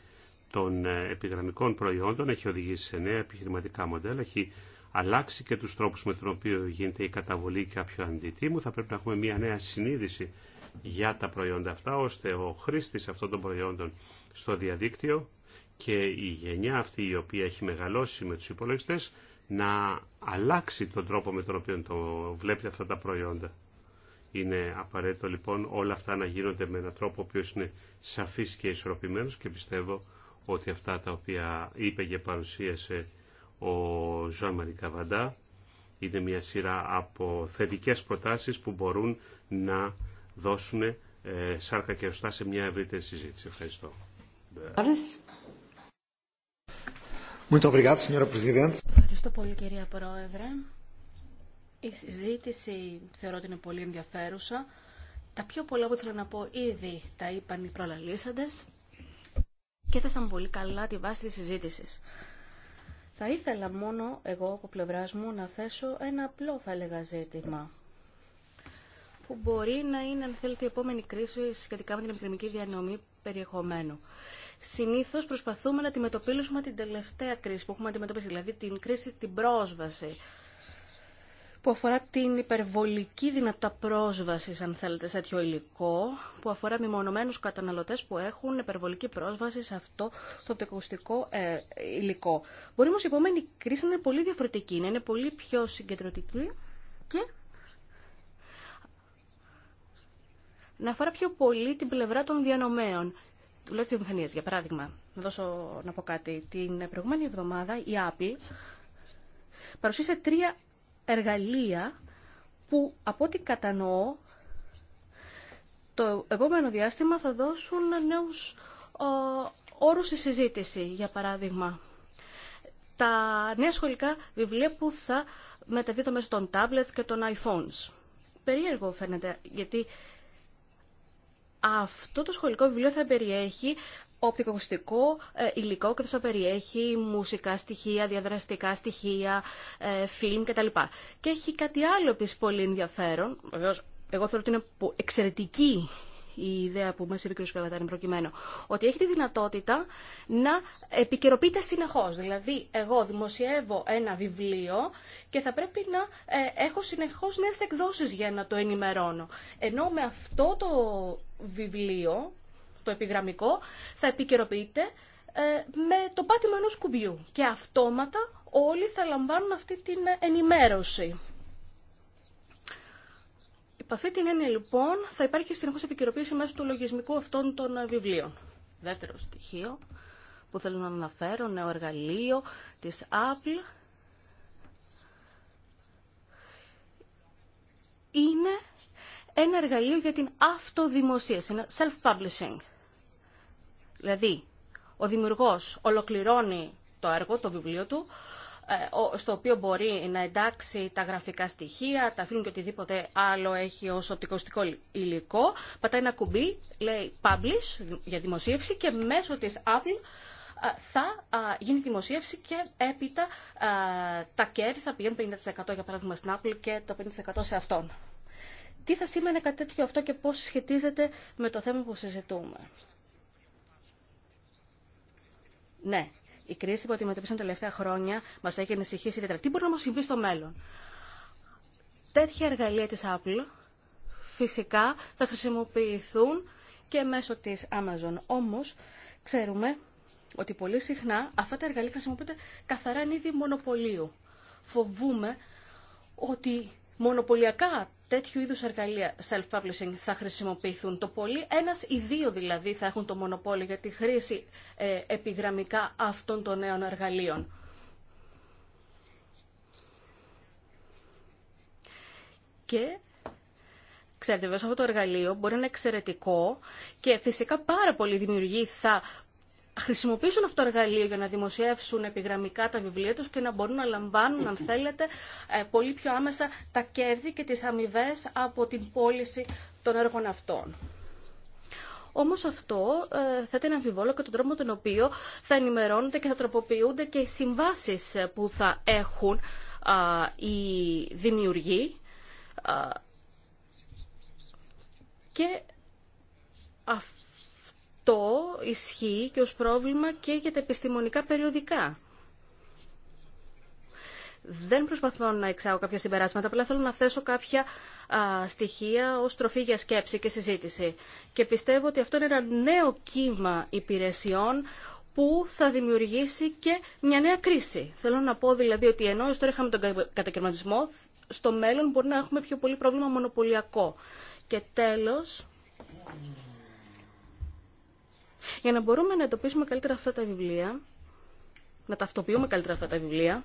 των ε, επιγραμμικών προϊόντων έχει οδηγήσει σε νέα επιχειρηματικά μοντέλα, έχει αλλάξει και τους τρόπους με τον οποίο γίνεται η καταβολή κάποιου αντιτίμου. Θα πρέπει να έχουμε μια νέα συνείδηση για τα προϊόντα αυτά, ώστε ο χρήστης αυτών των προϊόντων στο διαδίκτυο και η γενιά αυτή η οποία έχει μεγαλώσει με τους υπολογιστές να αλλάξει τον τρόπο με τον οποίο το βλέπει αυτά τα προϊόντα. Είναι απαραίτητο λοιπόν όλα αυτά να γίνονται με έναν τρόπο ο οποίος είναι σαφής και ισορροπημένος και πιστεύω ότι αυτά τα οποία είπε και παρουσίασε ο Ζωάν Μαρικαβαντά. Είναι μια σειρά από θετικές προτάσεις που μπορούν να δώσουν ε, σάρκα και οστά σε μια ευρύτερη συζήτηση. Ευχαριστώ. Ευχαριστώ πολύ κυρία Πρόεδρε. Η συζήτηση θεωρώ ότι είναι πολύ ενδιαφέρουσα. Τα πιο πολλά που ήθελα να πω ήδη τα είπαν οι προλαλήσαντες και έθεσαν πολύ καλά τη βάση της συζήτησης. Θα ήθελα μόνο εγώ από πλευρά μου να θέσω ένα απλό θα έλεγα ζήτημα που μπορεί να είναι, αν θέλετε, η επόμενη κρίση σχετικά με την επιδημική διανομή περιεχομένου. Συνήθω προσπαθούμε να αντιμετωπίσουμε την τελευταία κρίση που έχουμε αντιμετωπίσει, δηλαδή την κρίση στην πρόσβαση που αφορά την υπερβολική δυνατότητα πρόσβαση αν θέλετε, σε τέτοιο υλικό, που αφορά μεμονωμένους καταναλωτές που έχουν υπερβολική πρόσβαση σε αυτό το οπτικοακουστικό ε, υλικό. Μπορεί όμως η επόμενη κρίση να είναι πολύ διαφορετική, να είναι πολύ πιο συγκεντρωτική και να αφορά πιο πολύ την πλευρά των διανομέων. Τουλάχιστον βιομηχανίες, για παράδειγμα. Να δώσω να πω κάτι. Την προηγούμενη εβδομάδα η Apple παρουσίασε τρία εργαλεία που από ό,τι κατανοώ το επόμενο διάστημα θα δώσουν νέους όρους στη συζήτηση, για παράδειγμα. Τα νέα σχολικά βιβλία που θα μεταδίδονται μέσω των tablets και των iPhones. Περίεργο φαίνεται, γιατί αυτό το σχολικό βιβλίο θα περιέχει οπτικοακουστικό ε, υλικό και θα περιέχει μουσικά στοιχεία, διαδραστικά στοιχεία, ε, φιλμ κτλ. Και έχει κάτι άλλο επίσης πολύ ενδιαφέρον. εγώ θεωρώ ότι είναι εξαιρετική η ιδέα που μας είπε ο κ. Πεβατάνη προκειμένου, ότι έχει τη δυνατότητα να επικαιροποιείται συνεχώς. Δηλαδή, εγώ δημοσιεύω ένα βιβλίο και θα πρέπει να ε, έχω συνεχώς νέες εκδόσεις για να το ενημερώνω. Ενώ με αυτό το βιβλίο το επιγραμμικό θα επικαιροποιείται ε, με το πάτημα ενός κουμπιού. Και αυτόματα όλοι θα λαμβάνουν αυτή την ενημέρωση. Υπ' αυτή την έννοια λοιπόν θα υπάρχει συνεχώς επικαιροποίηση μέσω του λογισμικού αυτών των βιβλίων. Δεύτερο στοιχείο που θέλω να αναφέρω, νέο εργαλείο της Apple, είναι ένα εργαλείο για την αυτοδημοσιευση ένα self-publishing. Δηλαδή, ο δημιουργός ολοκληρώνει το έργο, το βιβλίο του, ε, στο οποίο μπορεί να εντάξει τα γραφικά στοιχεία, τα φίλου και οτιδήποτε άλλο έχει ως οπτικοστικό υλικό. Πατάει ένα κουμπί, λέει publish για δημοσίευση και μέσω της Apple ε, θα ε, γίνει δημοσίευση και έπειτα τα κέρδη θα πηγαίνουν 50% για παράδειγμα στην Apple και το 50% σε αυτόν. Τι θα σήμαινε κάτι τέτοιο αυτό και πώς σχετίζεται με το θέμα που συζητούμε. Ναι, η κρίση που αντιμετωπίσαμε τα τελευταία χρόνια μα έχει ανησυχήσει ιδιαίτερα. Τι μπορεί να μα συμβεί στο μέλλον. Τέτοια εργαλεία τη Apple φυσικά θα χρησιμοποιηθούν και μέσω τη Amazon. Όμω, ξέρουμε ότι πολύ συχνά αυτά τα εργαλεία χρησιμοποιούνται καθαρά εν είδη μονοπωλίου. Φοβούμε ότι μονοπωλιακά τέτοιου είδους εργαλεία self-publishing θα χρησιμοποιηθούν το πολύ. Ένας ή δύο δηλαδή θα έχουν το μονοπόλιο για τη χρήση ε, επιγραμμικά αυτών των νέων εργαλείων. Και Ξέρετε, βέβαια, αυτό το εργαλείο μπορεί να είναι εξαιρετικό και φυσικά πάρα πολλοί δημιουργοί θα χρησιμοποιήσουν αυτό το εργαλείο για να δημοσιεύσουν επιγραμμικά τα βιβλία τους και να μπορούν να λαμβάνουν, αν θέλετε, ε, πολύ πιο άμεσα τα κέρδη και τις αμοιβέ από την πώληση των έργων αυτών. Όμως αυτό ε, θέτει ένα αμφιβόλο και τον τρόπο τον οποίο θα ενημερώνονται και θα τροποποιούνται και οι συμβάσεις που θα έχουν οι δημιουργοί και αυτό το ισχύει και ως πρόβλημα και για τα επιστημονικά περιοδικά. Δεν προσπαθώ να εξάγω κάποια συμπεράσματα, απλά θέλω να θέσω κάποια α, στοιχεία ως τροφή για σκέψη και συζήτηση. Και πιστεύω ότι αυτό είναι ένα νέο κύμα υπηρεσιών που θα δημιουργήσει και μια νέα κρίση. Θέλω να πω δηλαδή ότι ενώ τώρα είχαμε τον κατακαιρματισμό, στο μέλλον μπορεί να έχουμε πιο πολύ πρόβλημα μονοπωλιακό. Και τέλος, για να μπορούμε να εντοπίσουμε καλύτερα αυτά τα βιβλία, να ταυτοποιούμε καλύτερα αυτά τα βιβλία,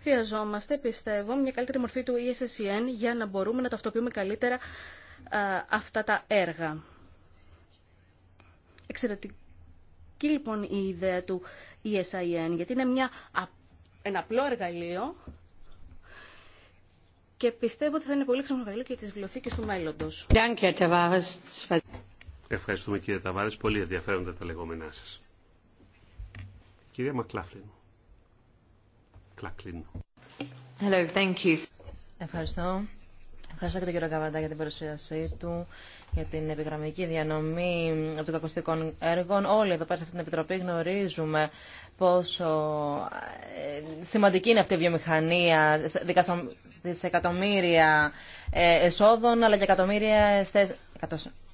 χρειαζόμαστε, πιστεύω, μια καλύτερη μορφή του ESSEN για να μπορούμε να ταυτοποιούμε καλύτερα αυτά τα έργα. Εξαιρετική λοιπόν η ιδέα του ESIN, e γιατί είναι μια, ένα απλό εργαλείο και πιστεύω ότι θα είναι πολύ χρησιμοποιημένο και τις βιβλιοθήκες του μέλλοντος. Ευχαριστούμε κύριε Ταβάρες, πολύ ενδιαφέροντα τα λεγόμενά σας. Κυρία Μακλάφλιν. Κλάκλιν. Ευχαριστώ. Ευχαριστώ και τον κύριο Καβαντά για την παρουσίασή του, για την επιγραμμική διανομή των κακοστικών έργων. Όλοι εδώ πέρα σε αυτή την Επιτροπή γνωρίζουμε πόσο ε, σημαντική είναι αυτή η βιομηχανία, δισεκατομμύρια ε, εσόδων, αλλά και εκατομμύρια,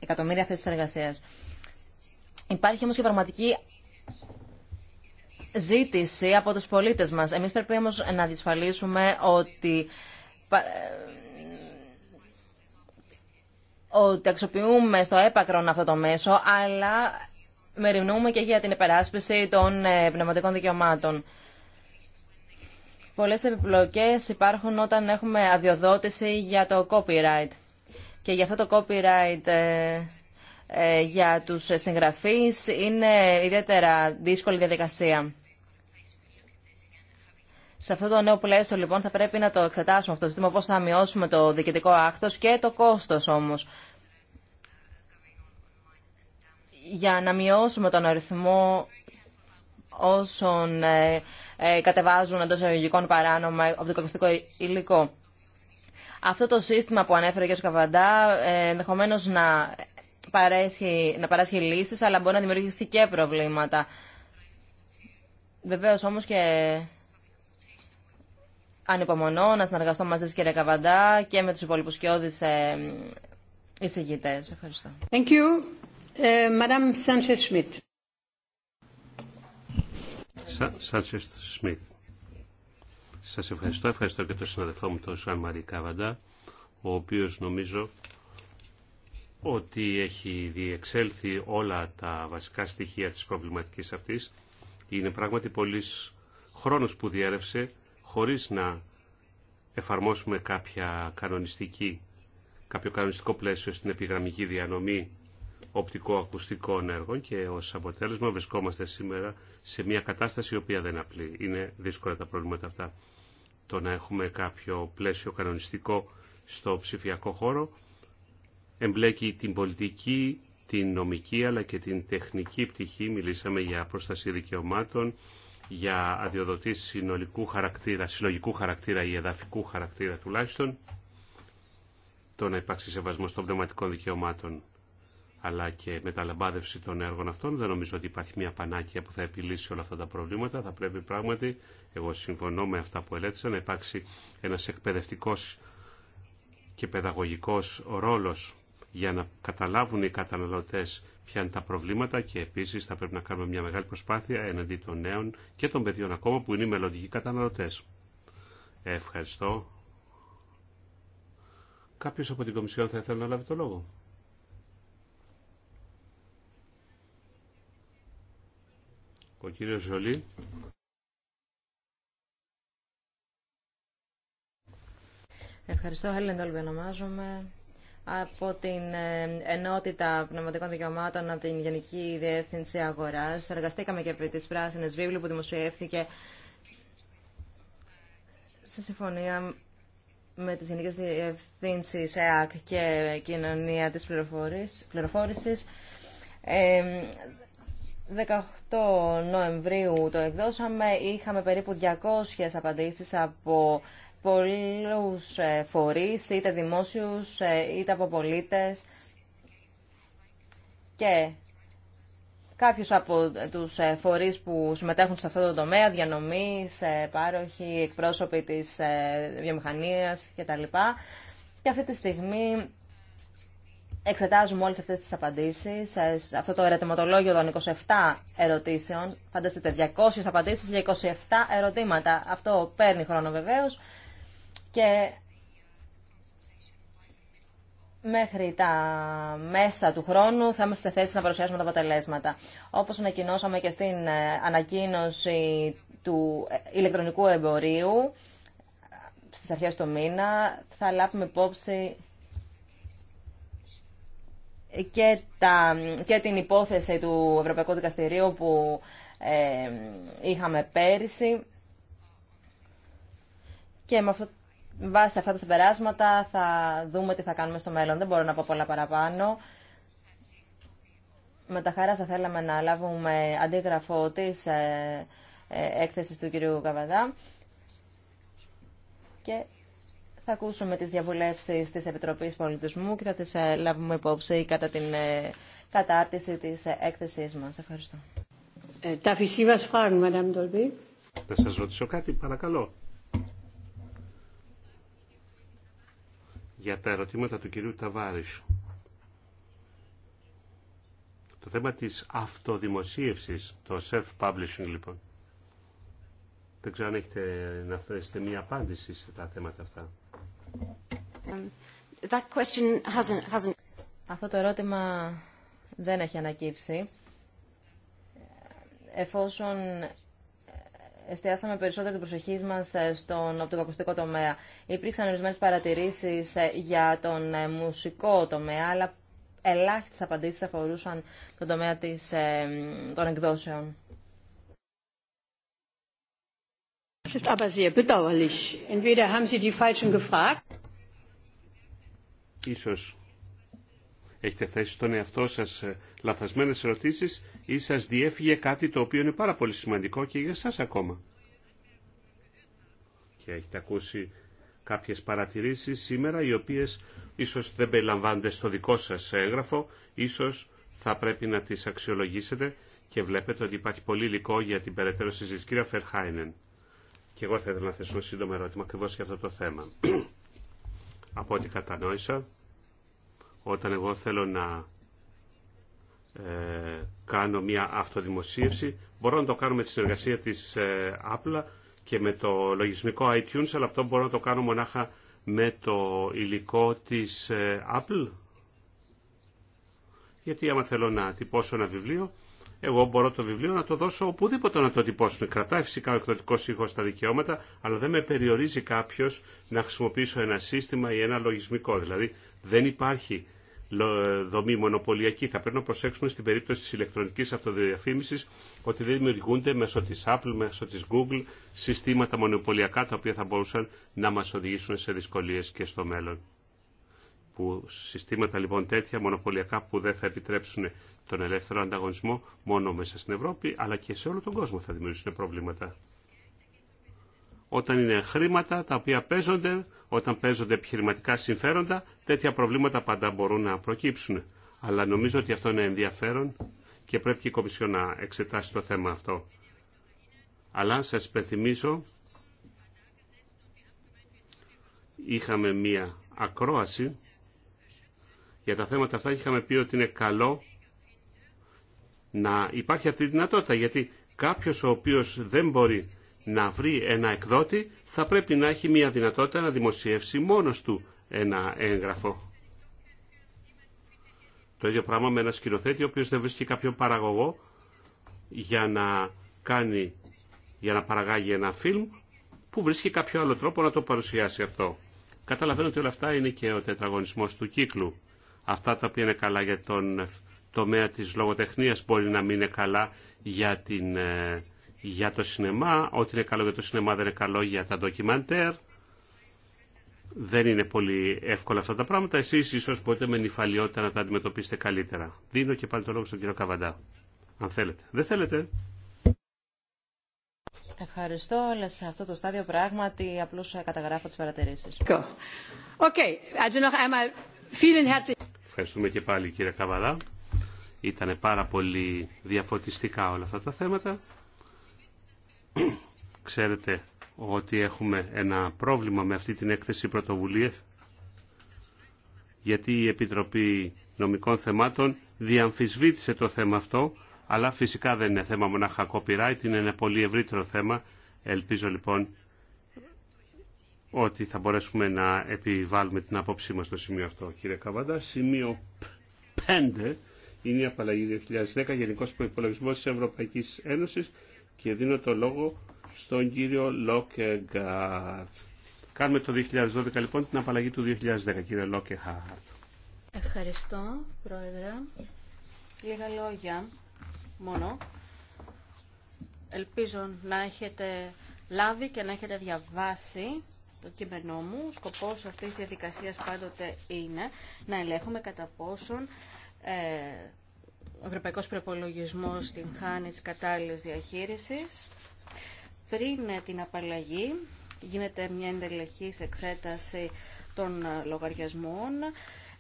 εκατομμύρια θέσεις εργασίας. Υπάρχει όμως και πραγματική ζήτηση από τους πολίτες μας. Εμείς πρέπει όμως να διασφαλίσουμε ότι ότι αξιοποιούμε στο έπακρον αυτό το μέσο, αλλά μεριμνούμε και για την υπεράσπιση των ε, πνευματικών δικαιωμάτων. Πολλές επιπλοκές υπάρχουν όταν έχουμε αδειοδότηση για το copyright. Και για αυτό το copyright ε, ε, για τους συγγραφείς είναι ιδιαίτερα δύσκολη διαδικασία. Σε αυτό το νέο πλαίσιο λοιπόν θα πρέπει να το εξετάσουμε αυτό το ζήτημα, πώς θα μειώσουμε το διοικητικό άκτος και το κόστος όμως. Για να μειώσουμε τον αριθμό όσων ε, ε, κατεβάζουν εντό εισαγωγικών παράνομα οπτικοπιστικό υλικό. Αυτό το σύστημα που ανέφερε ο κ. Καβαντά ε, ενδεχομένω να παράσχει, να παράσχει λύσεις, αλλά μπορεί να δημιουργήσει και προβλήματα. Βεβαίως όμως και ανυπομονώ να συνεργαστώ μαζί σα, κύριε Καβαντά και με του υπόλοιπους κοιόδη ε, εισηγητές. Ευχαριστώ. Thank you. Ε, Madam Sanchez Smith. Σας ευχαριστώ. Ευχαριστώ και τον συναδελφό μου τον Σαν Μαρή Καβαντά, ο οποίος νομίζω ότι έχει διεξέλθει όλα τα βασικά στοιχεία της προβληματικής αυτής. Είναι πράγματι πολλής χρόνος που διέρευσε χωρίς να εφαρμόσουμε κάποια κανονιστική, κάποιο κανονιστικό πλαίσιο στην επιγραμμική διανομή οπτικο-ακουστικών έργων και ως αποτέλεσμα βρισκόμαστε σήμερα σε μια κατάσταση η οποία δεν απλή. Είναι δύσκολα τα προβλήματα αυτά. Το να έχουμε κάποιο πλαίσιο κανονιστικό στο ψηφιακό χώρο εμπλέκει την πολιτική, την νομική αλλά και την τεχνική πτυχή. Μιλήσαμε για προστασία δικαιωμάτων, για αδειοδοτήσεις συνολικού χαρακτήρα, συλλογικού χαρακτήρα ή εδαφικού χαρακτήρα τουλάχιστον, το να υπάρξει σεβασμό των πνευματικών δικαιωμάτων αλλά και μεταλαμπάδευση των έργων αυτών. Δεν νομίζω ότι υπάρχει μια πανάκια που θα επιλύσει όλα αυτά τα προβλήματα. Θα πρέπει πράγματι, εγώ συμφωνώ με αυτά που ελέτησα, να υπάρξει ένας εκπαιδευτικός και παιδαγωγικός ρόλος για να καταλάβουν οι καταναλωτές ποια είναι τα προβλήματα και επίσης θα πρέπει να κάνουμε μια μεγάλη προσπάθεια εναντί των νέων και των παιδιών ακόμα που είναι οι μελλοντικοί καταναλωτέ. Ευχαριστώ. Κάποιο από την Κομισιόν θα ήθελε να λάβει το λόγο. Ο κύριο Ζολή. Ευχαριστώ, Helen Όλβεν ονομάζομαι από την ε, Ενότητα Πνευματικών Δικαιωμάτων από την Γενική Διεύθυνση αγορά. Εργαστήκαμε και επί τη Πράσινη Βίβλου που δημοσιεύθηκε σε συμφωνία με τις Γενικές Διευθύνσεις ΕΑΚ και Κοινωνία της Πληροφόρησης. 18 ε, Νοεμβρίου το εκδώσαμε. Είχαμε περίπου 200 απαντήσεις από πολλούς ε, φορείς, είτε δημόσιους, ε, είτε από πολίτες και κάποιους από τους ε, φορείς που συμμετέχουν σε αυτό το τομέα, διανομής, πάροχοι, εκπρόσωποι της βιομηχανίας κτλ. Και αυτή τη στιγμή εξετάζουμε όλες αυτές τις απαντήσεις. Σε αυτό το ερωτηματολόγιο των 27 ερωτήσεων, φανταστείτε 200 απαντήσεις για 27 ερωτήματα. Αυτό παίρνει χρόνο βεβαίως και μέχρι τα μέσα του χρόνου θα είμαστε σε θέση να παρουσιάσουμε τα αποτελέσματα. Όπως ανακοινώσαμε και στην ε, ανακοίνωση του ε, ηλεκτρονικού εμπορίου στις αρχές του μήνα, θα λάβουμε υπόψη και, τα, και την υπόθεση του Ευρωπαϊκού Δικαστηρίου που ε, είχαμε πέρυσι και με αυτό βάσει αυτά τα συμπεράσματα θα δούμε τι θα κάνουμε στο μέλλον. Δεν μπορώ να πω πολλά παραπάνω. Με τα χαρά θα θέλαμε να λάβουμε αντίγραφο της ε, ε έκθεσης του κυρίου Καβαδά και θα ακούσουμε τις διαβουλεύσεις της Επιτροπής Πολιτισμού και θα τις ε, λάβουμε υπόψη κατά την ε, κατάρτιση της έκθεσής μας. Ευχαριστώ. Θα σας ρωτήσω κάτι, παρακαλώ. για τα ερωτήματα του κυρίου Ταβάρης. Το θέμα της αυτοδημοσίευσης, το self-publishing λοιπόν. Δεν ξέρω αν έχετε να θέσετε μία απάντηση σε τα θέματα αυτά. Um, Αυτό το ερώτημα δεν έχει ανακύψει. Εφόσον εστιάσαμε περισσότερο την προσοχή μα ε, στον οπτικοακουστικό τομέα. Υπήρξαν ορισμένε παρατηρήσει ε, για τον ε, μουσικό τομέα, αλλά ελάχιστε απαντήσει αφορούσαν τον τομέα της, των εκδόσεων. Ίσως έχετε θέσει στον εαυτό σας ε, λαθασμένες ερωτήσεις ή σας διέφυγε κάτι το οποίο είναι πάρα πολύ σημαντικό και για σας ακόμα. Και έχετε ακούσει κάποιες παρατηρήσεις σήμερα οι οποίες ίσως δεν περιλαμβάνονται στο δικό σας έγγραφο, ίσως θα πρέπει να τις αξιολογήσετε και βλέπετε ότι υπάρχει πολύ υλικό για την περαιτέρω συζήτηση. Κύριε Φερχάινεν, και εγώ θα ήθελα να θέσω ένα σύντομο ερώτημα ακριβώ για αυτό το θέμα. <clears throat> Από ό,τι κατανόησα, όταν εγώ θέλω να ε, κάνω μια αυτοδημοσίευση, μπορώ να το κάνω με τη συνεργασία της ε, Apple και με το λογισμικό iTunes, αλλά αυτό μπορώ να το κάνω μονάχα με το υλικό της ε, Apple. Γιατί άμα θέλω να τυπώσω ένα βιβλίο, εγώ μπορώ το βιβλίο να το δώσω οπουδήποτε να το τυπώσουν. Κρατάει φυσικά ο εκδοτικό ήχο τα δικαιώματα, αλλά δεν με περιορίζει κάποιο να χρησιμοποιήσω ένα σύστημα ή ένα λογισμικό. Δηλαδή, δεν υπάρχει δομή μονοπωλιακή. Θα πρέπει να προσέξουμε στην περίπτωση της ηλεκτρονικής αυτοδιαφήμισης ότι δεν δημιουργούνται μέσω της Apple, μέσω της Google συστήματα μονοπωλιακά τα οποία θα μπορούσαν να μας οδηγήσουν σε δυσκολίες και στο μέλλον. Που συστήματα λοιπόν τέτοια μονοπωλιακά που δεν θα επιτρέψουν τον ελεύθερο ανταγωνισμό μόνο μέσα στην Ευρώπη αλλά και σε όλο τον κόσμο θα δημιουργήσουν προβλήματα όταν είναι χρήματα τα οποία παίζονται, όταν παίζονται επιχειρηματικά συμφέροντα, τέτοια προβλήματα πάντα μπορούν να προκύψουν. Αλλά νομίζω ότι αυτό είναι ενδιαφέρον και πρέπει και η Κομισιό να εξετάσει το θέμα αυτό. Αλλά σας υπενθυμίζω, είχαμε μία ακρόαση για τα θέματα αυτά είχαμε πει ότι είναι καλό να υπάρχει αυτή η δυνατότητα, γιατί κάποιος ο οποίος δεν μπορεί να βρει ένα εκδότη θα πρέπει να έχει μια δυνατότητα να δημοσιεύσει μόνος του ένα έγγραφο. Το ίδιο πράγμα με ένα σκηνοθέτη ο οποίος δεν βρίσκει κάποιον παραγωγό για να κάνει, για να παραγάγει ένα φιλμ που βρίσκει κάποιο άλλο τρόπο να το παρουσιάσει αυτό. Καταλαβαίνω ότι όλα αυτά είναι και ο τετραγωνισμός του κύκλου. Αυτά τα οποία είναι καλά για τον τομέα της λογοτεχνίας μπορεί να μην είναι καλά για την ε, για το σινεμά, ό,τι είναι καλό για το σινεμά δεν είναι καλό για τα ντοκιμαντέρ. Δεν είναι πολύ εύκολα αυτά τα πράγματα. Εσείς ίσως μπορείτε με νυφαλιότητα να τα αντιμετωπίσετε καλύτερα. Δίνω και πάλι το λόγο στον κύριο Καβαντά. Αν θέλετε. Δεν θέλετε. Ευχαριστώ, αλλά σε αυτό το στάδιο πράγματι απλώς καταγράφω τις παρατηρήσεις. Okay. Ευχαριστούμε και πάλι κύριε Καβαδά. Ήταν πάρα πολύ διαφωτιστικά όλα αυτά τα θέματα. Ξέρετε ότι έχουμε ένα πρόβλημα με αυτή την έκθεση πρωτοβουλίες γιατί η Επιτροπή Νομικών Θεμάτων διαμφισβήτησε το θέμα αυτό αλλά φυσικά δεν είναι θέμα μονάχα copyright, είναι ένα πολύ ευρύτερο θέμα. Ελπίζω λοιπόν ότι θα μπορέσουμε να επιβάλλουμε την απόψή μας στο σημείο αυτό, κύριε Καβάντα. Σημείο 5 είναι η απαλλαγή 2010 Γενικός Προϋπολογισμός της Ευρωπαϊκής Ένωσης και δίνω το λόγο στον κύριο Λόκεγκαρτ. Κάνουμε το 2012 λοιπόν την απαλλαγή του 2010, κύριε Λόκεγκαρτ. Ευχαριστώ, Πρόεδρε. Λίγα λόγια μόνο. Ελπίζω να έχετε λάβει και να έχετε διαβάσει το κείμενό μου. Ο σκοπός αυτής της διαδικασίας πάντοτε είναι να ελέγχουμε κατά πόσον ε, ο ευρωπαϊκός προπολογισμός την χάνει της κατάλληλης διαχείρισης. Πριν την απαλλαγή γίνεται μια εντελεχής εξέταση των λογαριασμών.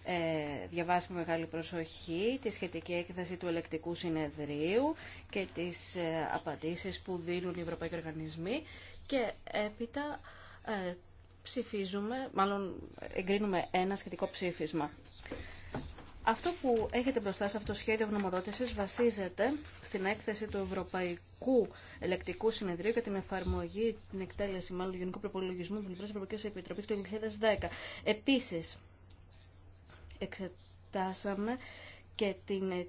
Ε, διαβάσει με μεγάλη προσοχή τη σχετική έκθεση του ελεκτικού συνεδρίου και τις ε, απαντήσεις που δίνουν οι ευρωπαϊκοί οργανισμοί και έπειτα ε, ψηφίζουμε, μάλλον εγκρίνουμε ένα σχετικό ψήφισμα. Αυτό που έχετε μπροστά σε αυτό το σχέδιο γνωμοδότησης βασίζεται στην έκθεση του Ευρωπαϊκού Ελεκτικού Συνεδρίου για την εφαρμογή, την εκτέλεση μάλλον του Γενικού Προπολογισμού του Ευρωπαϊκή Ευρωπαϊκής Επιτροπής του 2010. Επίσης, εξετάσαμε και την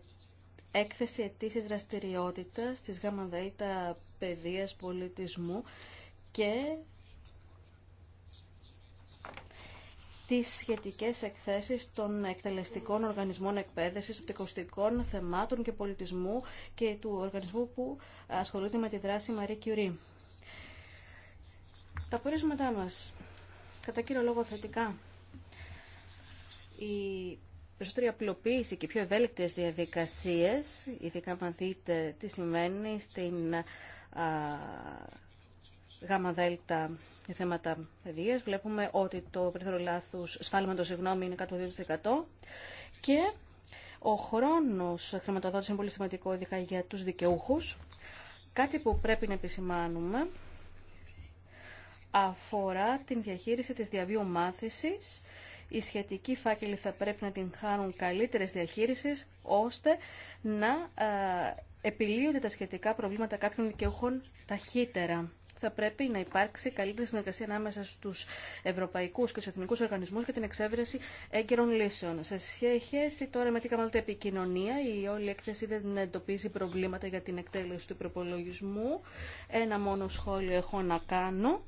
έκθεση αιτήσεις δραστηριότητας της ΓΔ Παιδείας Πολιτισμού και τις σχετικές εκθέσεις των εκτελεστικών οργανισμών εκπαίδευσης, οπτικοστικών θεμάτων και πολιτισμού και του οργανισμού που ασχολούνται με τη δράση Marie Curie. Τα πορίσματά μας, κατά κύριο λόγο θετικά, η περισσότερη απλοποίηση και πιο ευέλικτες διαδικασίες, ειδικά αν δείτε τι συμβαίνει στην γάμα δέλτα για θέματα παιδείας. Βλέπουμε ότι το περιθώριο λάθους, σφάλματος, συγγνώμη, είναι κάτω 2% και ο χρόνος χρηματοδότησης είναι πολύ σημαντικό ειδικά για τους δικαιούχους. Κάτι που πρέπει να επισημάνουμε αφορά την διαχείριση της διαβίου μάθησης. Οι σχετικοί φάκελοι θα πρέπει να την χάνουν καλύτερες διαχείρισεις, ώστε να ε, επιλύονται τα σχετικά προβλήματα κάποιων δικαιούχων ταχύτερα θα πρέπει να υπάρξει καλύτερη συνεργασία ανάμεσα στου ευρωπαϊκού και στου εθνικού οργανισμού για την εξέβρεση έγκαιρων λύσεων. Σε σχέση τώρα με την καμάλτη επικοινωνία, η όλη έκθεση δεν εντοπίζει προβλήματα για την εκτέλεση του προπολογισμού. Ένα μόνο σχόλιο έχω να κάνω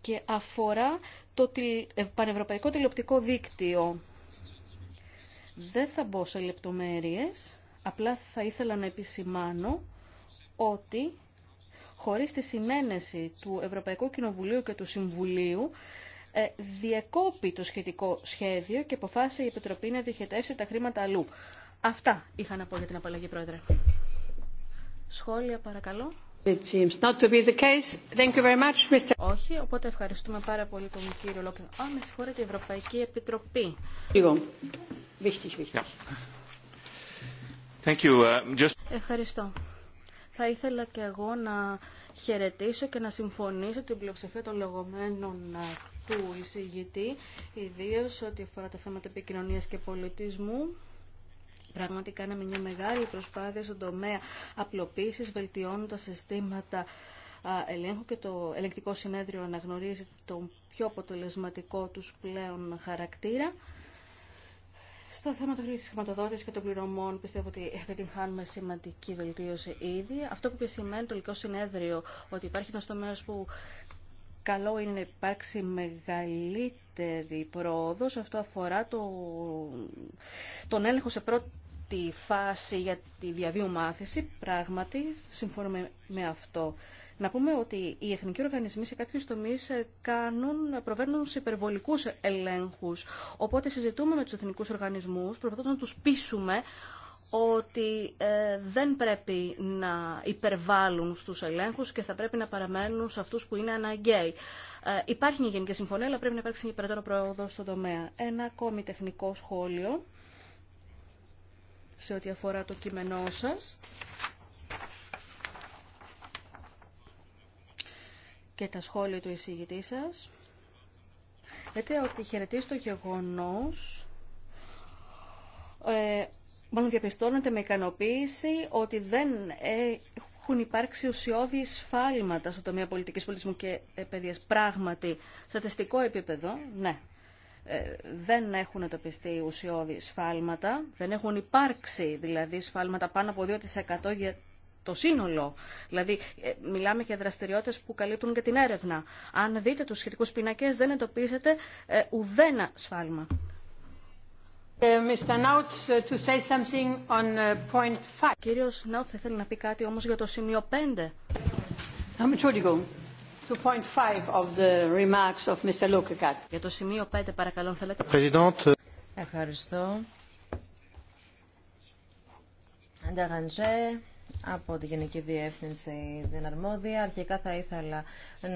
και αφορά το ε, πανευρωπαϊκό τηλεοπτικό δίκτυο. Δεν θα μπω σε λεπτομέρειες, απλά θα ήθελα να επισημάνω ότι χωρίς τη συνένεση του Ευρωπαϊκού Κοινοβουλίου και του Συμβουλίου, ε, διεκόπη το σχετικό σχέδιο και αποφάσισε η Επιτροπή να διοχετεύσει τα χρήματα αλλού. Αυτά είχα να πω για την απαλλαγή, Πρόεδρε. Σχόλια, παρακαλώ. not to be the case. Thank you very much, Mr. Όχι, οπότε ευχαριστούμε πάρα πολύ τον κύριο Λόκεν. Α, με συγχωρείτε, η Ευρωπαϊκή Επιτροπή. Uh, Ευχαριστώ. Θα ήθελα και εγώ να χαιρετήσω και να συμφωνήσω την πλειοψηφία των λεγόμενων ε, του εισηγητή, ιδίω ό,τι αφορά τα θέματα επικοινωνία και πολιτισμού. Πραγματικά, κάναμε μια μεγάλη προσπάθεια στον τομέα απλοποίηση, βελτιώνοντα συστήματα ελέγχου και το ελεγκτικό συνέδριο αναγνωρίζει τον πιο αποτελεσματικό τους πλέον χαρακτήρα. Στο θέμα τη χρηματοδότηση και των πληρωμών πιστεύω ότι επιτυγχάνουμε σημαντική βελτίωση ήδη. Αυτό που επισημαίνει το Λυκό Συνέδριο, ότι υπάρχει ένα τομέα που καλό είναι να υπάρξει μεγαλύτερη πρόοδο. Αυτό αφορά το, τον έλεγχο σε πρώτη φάση για τη διαβίου μάθηση. Πράγματι, συμφωνούμε με αυτό. Να πούμε ότι οι εθνικοί οργανισμοί σε κάποιου τομείς ε, προβαίνουν σε υπερβολικούς ελέγχους. Οπότε συζητούμε με τους εθνικούς οργανισμούς, προσπαθώντας να του πείσουμε ότι ε, δεν πρέπει να υπερβάλλουν στους ελέγχους και θα πρέπει να παραμένουν σε αυτούς που είναι αναγκαίοι. Ε, υπάρχει μια γενική συμφωνία, αλλά πρέπει να υπάρξει και περαιτέρω πρόοδο στον τομέα. Ένα ακόμη τεχνικό σχόλιο σε ό,τι αφορά το κείμενό σας. και τα σχόλια του εισηγητή σας. Λέτε ότι χαιρετίζει το γεγονός, ε, μάλλον διαπιστώνεται με ικανοποίηση ότι δεν έχουν υπάρξει ουσιώδη σφάλματα στο τομέα πολιτικής πολιτισμού και ε, παιδείας. Πράγματι, στατιστικό επίπεδο, ναι, ε, δεν έχουν εντοπιστεί ουσιώδη σφάλματα, δεν έχουν υπάρξει δηλαδή σφάλματα πάνω από 2% για το σύνολο. Δηλαδή, ε, μιλάμε για δραστηριότητες που καλύπτουν και την έρευνα. Αν δείτε τους σχετικούς πινακές, δεν εντοπίσετε ε, ουδένα σφάλμα. Ε, Mr. Nautz, ε, Κύριος Νάουτς, θα ήθελε να πει κάτι όμως για το σημείο 5. To point five of the remarks of Mr. Για το σημείο 5, παρακαλώ, θέλετε. Ευχαριστώ. Ανταγαντζέ, από τη Γενική Διεύθυνση Αρμόδια. Αρχικά θα ήθελα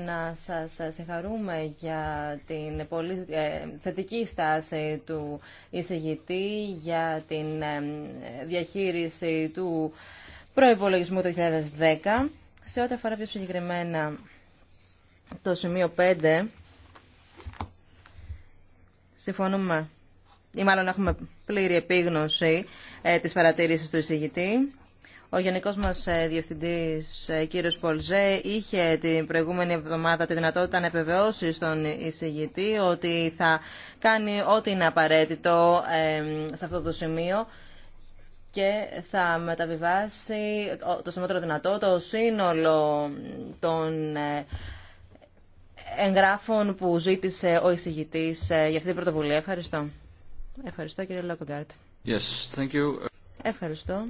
να σας συγχαρούμε για την πολύ ε, θετική στάση του εισηγητή, για την ε, διαχείριση του προϋπολογισμού του 2010. Σε ό,τι αφορά πιο συγκεκριμένα το σημείο 5, συμφωνούμε ή μάλλον έχουμε πλήρη επίγνωση ε, της παρατήρησης του εισηγητή. Ο Γενικός μας ε, Διευθυντής, ε, κύριος Πολζέ, είχε την προηγούμενη εβδομάδα τη δυνατότητα να επιβεβαιώσει στον εισηγητή ότι θα κάνει ό,τι είναι απαραίτητο σε αυτό το σημείο και θα μεταβιβάσει το σημαντικό δυνατό το σύνολο των ε, εγγράφων που ζήτησε ο εισηγητή για αυτή την πρωτοβουλία. Ευχαριστώ. Ευχαριστώ κύριε Λόκογκάρτ. Yes, thank you. Ευχαριστώ.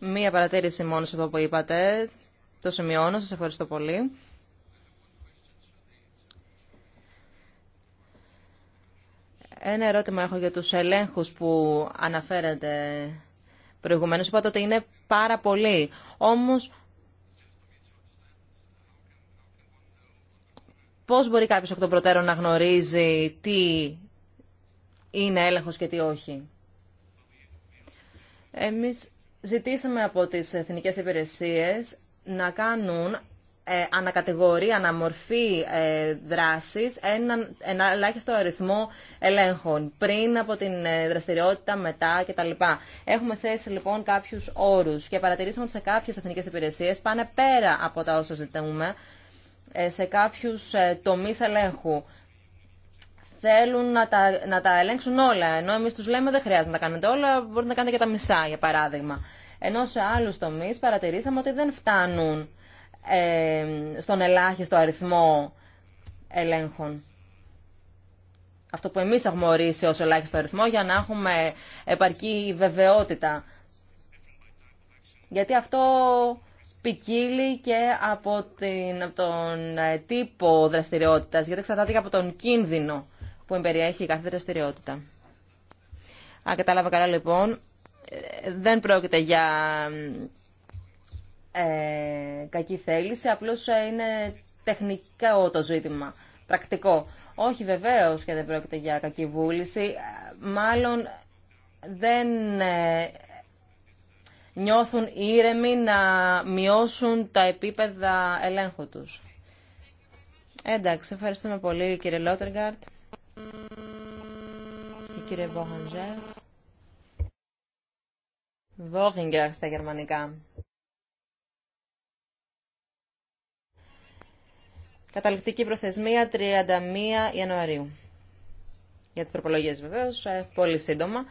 Μία παρατήρηση μόνο σε αυτό που είπατε. Το σημειώνω. Σας ευχαριστώ πολύ. Ένα ερώτημα έχω για τους ελέγχους που αναφέρατε προηγουμένως. Είπατε ότι είναι πάρα πολύ. Όμως, πώς μπορεί κάποιος από τον προτέρων να γνωρίζει τι είναι έλεγχος και τι όχι. Εμείς ζητήσαμε από τις εθνικές υπηρεσίες να κάνουν ε, ανακατηγορία, αναμορφή ε, δράσης ένα, ένα ελάχιστο αριθμό ελέγχων πριν από την ε, δραστηριότητα, μετά κτλ. Έχουμε θέσει λοιπόν κάποιους όρους και παρατηρήσαμε ότι σε κάποιες εθνικές υπηρεσίες πάνε πέρα από τα όσα ζητούμε ε, σε κάποιους ε, τομείς ελέγχου θέλουν να τα, να τα ελέγξουν όλα. Ενώ εμεί του λέμε δεν χρειάζεται να τα κάνετε όλα, μπορείτε να κάνετε και τα μισά, για παράδειγμα. Ενώ σε άλλου τομεί παρατηρήσαμε ότι δεν φτάνουν στον ελάχιστο αριθμό ελέγχων. Αυτό που εμείς έχουμε ορίσει ως ελάχιστο αριθμό για να έχουμε επαρκή βεβαιότητα. Γιατί αυτό ποικίλει και από, την, από τον τύπο δραστηριότητας, γιατί εξαρτάται και από τον κίνδυνο που εμπεριέχει η κάθε δραστηριότητα. Αν κατάλαβα καλά λοιπόν, δεν πρόκειται για ε, κακή θέληση, απλώς είναι τεχνικό το ζήτημα, πρακτικό. Όχι βεβαίως και δεν πρόκειται για κακή βούληση, μάλλον δεν ε, νιώθουν ήρεμοι να μειώσουν τα επίπεδα ελέγχου τους. Εντάξει, ευχαριστούμε πολύ κύριε Λότεργαρτ κύριε Βόχανζε. Βόχιγκερ στα γερμανικά. Καταληκτική προθεσμία 31 Ιανουαρίου. Για τις τροπολογίες βεβαίως, ε, πολύ σύντομα.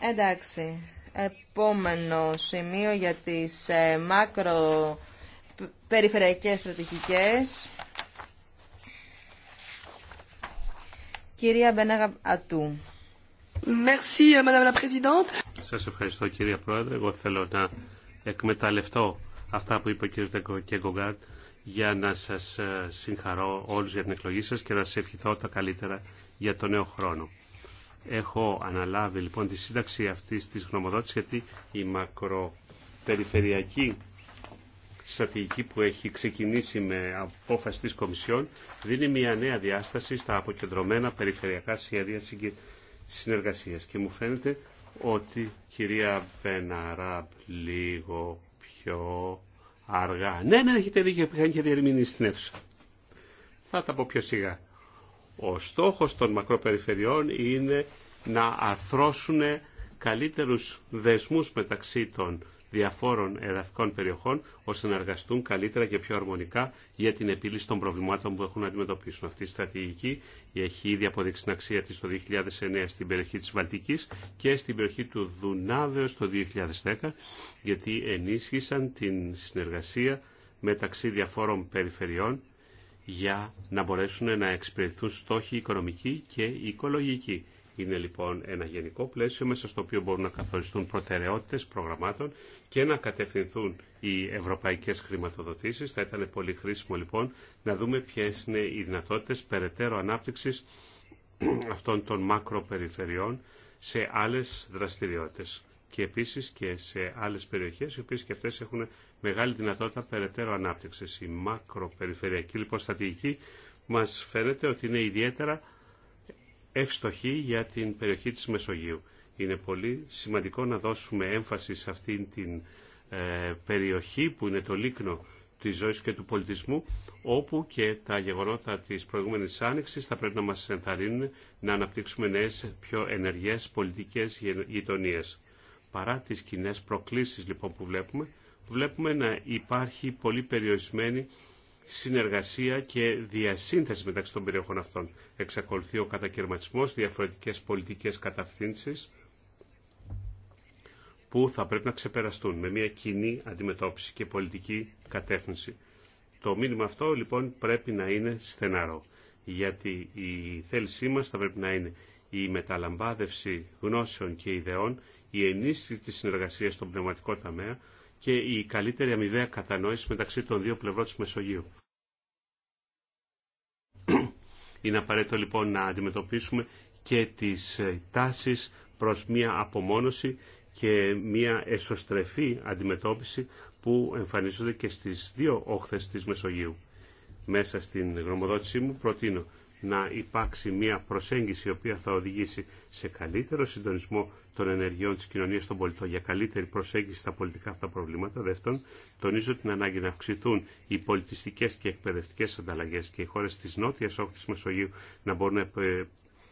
Εντάξει, επόμενο σημείο για τις ε, μακροπεριφερειακές στρατηγικές. Κυρία Σας ευχαριστώ κυρία Πρόεδρε. Εγώ θέλω να εκμεταλλευτώ αυτά που είπε ο κύριος Κεγκογκάρτ για να σας ε, συγχαρώ όλους για την εκλογή σας και να σας ευχηθώ τα καλύτερα για τον νέο χρόνο. Έχω αναλάβει λοιπόν τη σύνταξη αυτής της γνωμοδότησης γιατί η μακροπεριφερειακή στρατηγική που έχει ξεκινήσει με απόφαση της Κομισιόν δίνει μια νέα διάσταση στα αποκεντρωμένα περιφερειακά σχέδια συνεργασίας. Και μου φαίνεται ότι κυρία Μπεναράμπ λίγο πιο αργά. Ναι, ναι, έχετε δίκιο, είχαν και διερμηνεί στην αίθουσα. Θα τα πω πιο σιγά. Ο στόχος των μακροπεριφερειών είναι να αρθρώσουν καλύτερους δεσμούς μεταξύ των διαφόρων εδαφικών περιοχών ώστε να εργαστούν καλύτερα και πιο αρμονικά για την επίλυση των προβλημάτων που έχουν να αντιμετωπίσουν. Αυτή η στρατηγική έχει ήδη αποδείξει την αξία της το 2009 στην περιοχή της Βαλτικής και στην περιοχή του Δουνάβεως το 2010 γιατί ενίσχυσαν την συνεργασία μεταξύ διαφόρων περιφερειών για να μπορέσουν να εξυπηρετηθούν στόχοι οικονομικοί και οικολογικοί. Είναι λοιπόν ένα γενικό πλαίσιο μέσα στο οποίο μπορούν να καθοριστούν προτεραιότητες προγραμμάτων και να κατευθυνθούν οι ευρωπαϊκές χρηματοδοτήσεις. Θα ήταν πολύ χρήσιμο λοιπόν να δούμε ποιες είναι οι δυνατότητες περαιτέρω ανάπτυξης <clears throat> αυτών των μακροπεριφερειών σε άλλες δραστηριότητες και επίσης και σε άλλες περιοχές οι οποίες και αυτές έχουν μεγάλη δυνατότητα περαιτέρω ανάπτυξης. Η μακροπεριφερειακή λοιπόν στρατηγική μας φαίνεται ότι είναι ιδιαίτερα εύστοχη για την περιοχή της Μεσογείου. Είναι πολύ σημαντικό να δώσουμε έμφαση σε αυτήν την ε, περιοχή που είναι το λίκνο της ζωής και του πολιτισμού, όπου και τα γεγονότα της προηγούμενης άνοιξης θα πρέπει να μας ενθαρρύνουν να αναπτύξουμε νέες πιο ενεργές πολιτικές γειτονίες. Παρά τις κοινέ προκλήσεις λοιπόν που βλέπουμε, βλέπουμε να υπάρχει πολύ περιορισμένη συνεργασία και διασύνθεση μεταξύ των περιοχών αυτών. Εξακολουθεί ο κατακαιρματισμός, διαφορετικές πολιτικές καταυθύνσεις που θα πρέπει να ξεπεραστούν με μια κοινή αντιμετώπιση και πολιτική κατεύθυνση. Το μήνυμα αυτό λοιπόν πρέπει να είναι στεναρό, γιατί η θέλησή μας θα πρέπει να είναι η μεταλαμβάδευση γνώσεων και ιδεών, η ενίσχυση της συνεργασίας στον πνευματικό τομέα, και η καλύτερη αμοιβαία κατανόηση μεταξύ των δύο πλευρών της Μεσογείου. <clears throat> Είναι απαραίτητο λοιπόν να αντιμετωπίσουμε και τις ε, τάσεις προς μία απομόνωση και μία εσωστρεφή αντιμετώπιση που εμφανίζονται και στις δύο όχθες της Μεσογείου. Μέσα στην γνωμοδότησή μου προτείνω να υπάρξει μια προσέγγιση η οποία θα οδηγήσει σε καλύτερο συντονισμό των ενεργειών της κοινωνίας των πολιτών για καλύτερη προσέγγιση στα πολιτικά αυτά προβλήματα. Δεύτερον, τονίζω την ανάγκη να αυξηθούν οι πολιτιστικές και εκπαιδευτικές ανταλλαγές και οι χώρες της νότιας όχθης Μεσογείου να μπορούν να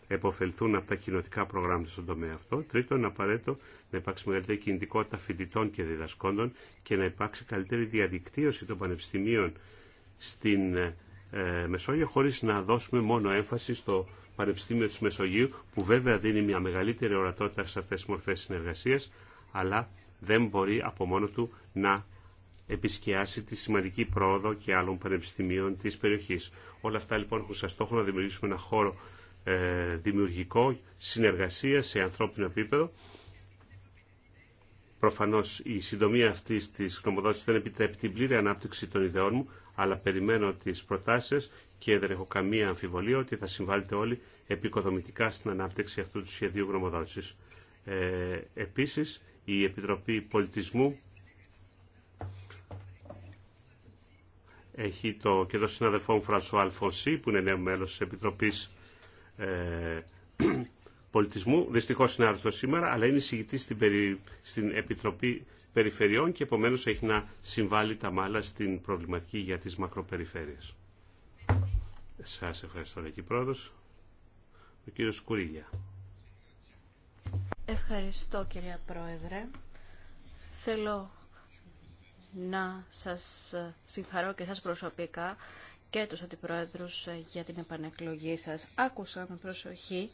εποφελθούν από τα κοινοτικά προγράμματα στον τομέα αυτό. Τρίτον, είναι απαραίτητο να υπάρξει μεγαλύτερη κινητικότητα φοιτητών και διδασκόντων και να υπάρξει καλύτερη διαδικτύωση των πανεπιστημίων στην ε, ε, Μεσόγειο χωρίς να δώσουμε μόνο έμφαση στο Πανεπιστήμιο της Μεσογείου που βέβαια δίνει μια μεγαλύτερη ορατότητα σε αυτές τις μορφές συνεργασίας αλλά δεν μπορεί από μόνο του να επισκιάσει τη σημαντική πρόοδο και άλλων πανεπιστημίων της περιοχής. Όλα αυτά λοιπόν έχουν σαν στόχο να δημιουργήσουμε ένα χώρο ε, δημιουργικό συνεργασία σε ανθρώπινο επίπεδο. Προφανώς η συντομία αυτής της γνωμοδότησης δεν επιτρέπει την πλήρη ανάπτυξη των ιδεών μου, αλλά περιμένω τις προτάσεις και δεν έχω καμία αμφιβολία ότι θα συμβάλλετε όλοι επικοδομητικά στην ανάπτυξη αυτού του σχεδίου γνωμοδότησης. Ε, επίσης, η Επιτροπή Πολιτισμού έχει το, και το συναδελφό μου Φρανσουά Αλφονσί, που είναι νέο μέλος της Επιτροπής ε, <clears throat> Πολιτισμού. Δυστυχώς είναι άρθρο σήμερα, αλλά είναι εισηγητή στην, στην Επιτροπή περιφερειών και επομένως έχει να συμβάλλει τα μάλλα στην προβληματική για τις μακροπεριφέρειες. Σα ευχαριστώ, Λεκή Πρόεδρος. Ο κύριος Κουρίγια. Ευχαριστώ, κυρία Πρόεδρε. Θέλω να σας συγχαρώ και σας προσωπικά και τους αντιπρόεδρους για την επανεκλογή σας. Άκουσα με προσοχή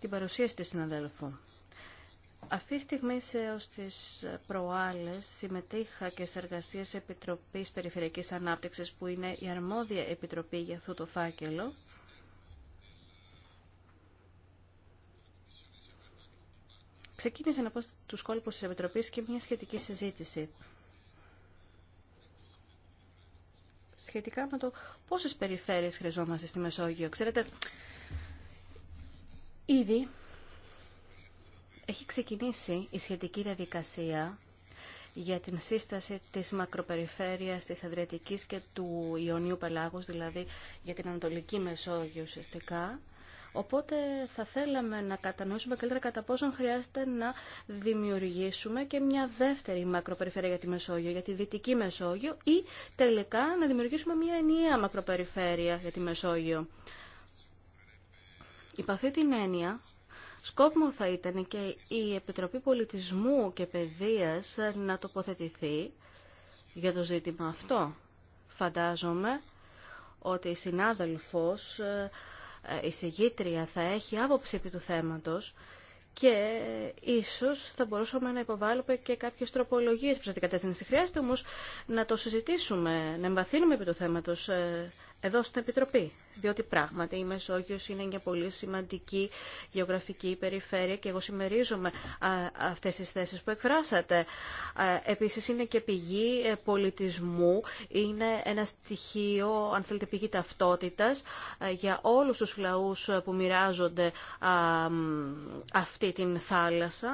την παρουσίαση της συναδέλφου. Αυτή τη στιγμή έως τις προάλλες συμμετείχα και σε εργασίες Επιτροπής Περιφερειακής Ανάπτυξης που είναι η αρμόδια επιτροπή για αυτό το φάκελο. Ξεκίνησε να πω στους κόλπους της Επιτροπής και μια σχετική συζήτηση. Σχετικά με το πόσες περιφέρειες χρειαζόμαστε στη Μεσόγειο. Ξέρετε, ήδη έχει ξεκινήσει η σχετική διαδικασία για την σύσταση της μακροπεριφέρειας της Αδριατικής και του Ιωνίου Πελάγους, δηλαδή για την Ανατολική Μεσόγειο ουσιαστικά. Οπότε θα θέλαμε να κατανοήσουμε καλύτερα κατά πόσον χρειάζεται να δημιουργήσουμε και μια δεύτερη μακροπεριφέρεια για τη Μεσόγειο, για τη Δυτική Μεσόγειο ή τελικά να δημιουργήσουμε μια ενιαία μακροπεριφέρεια για τη Μεσόγειο. Υπ' αυτή την έννοια Σκόπιμο θα ήταν και η Επιτροπή Πολιτισμού και Παιδείας να τοποθετηθεί για το ζήτημα αυτό. Φαντάζομαι ότι η συνάδελφος, ε, ε, η συγγήτρια θα έχει άποψη επί του θέματος και ίσως θα μπορούσαμε να υποβάλουμε και κάποιες τροπολογίες προς την κατεύθυνση. Χρειάζεται όμως να το συζητήσουμε, να εμβαθύνουμε επί του θέματος ε, εδώ στην Επιτροπή. Διότι πράγματι η Μεσόγειος είναι μια πολύ σημαντική γεωγραφική περιφέρεια και εγώ συμμερίζομαι αυτές τις θέσεις που εκφράσατε. Επίσης είναι και πηγή ε, πολιτισμού, είναι ένα στοιχείο, αν θέλετε, πηγή ταυτότητας ε, για όλους τους λαούς που μοιράζονται αυτή την θάλασσα.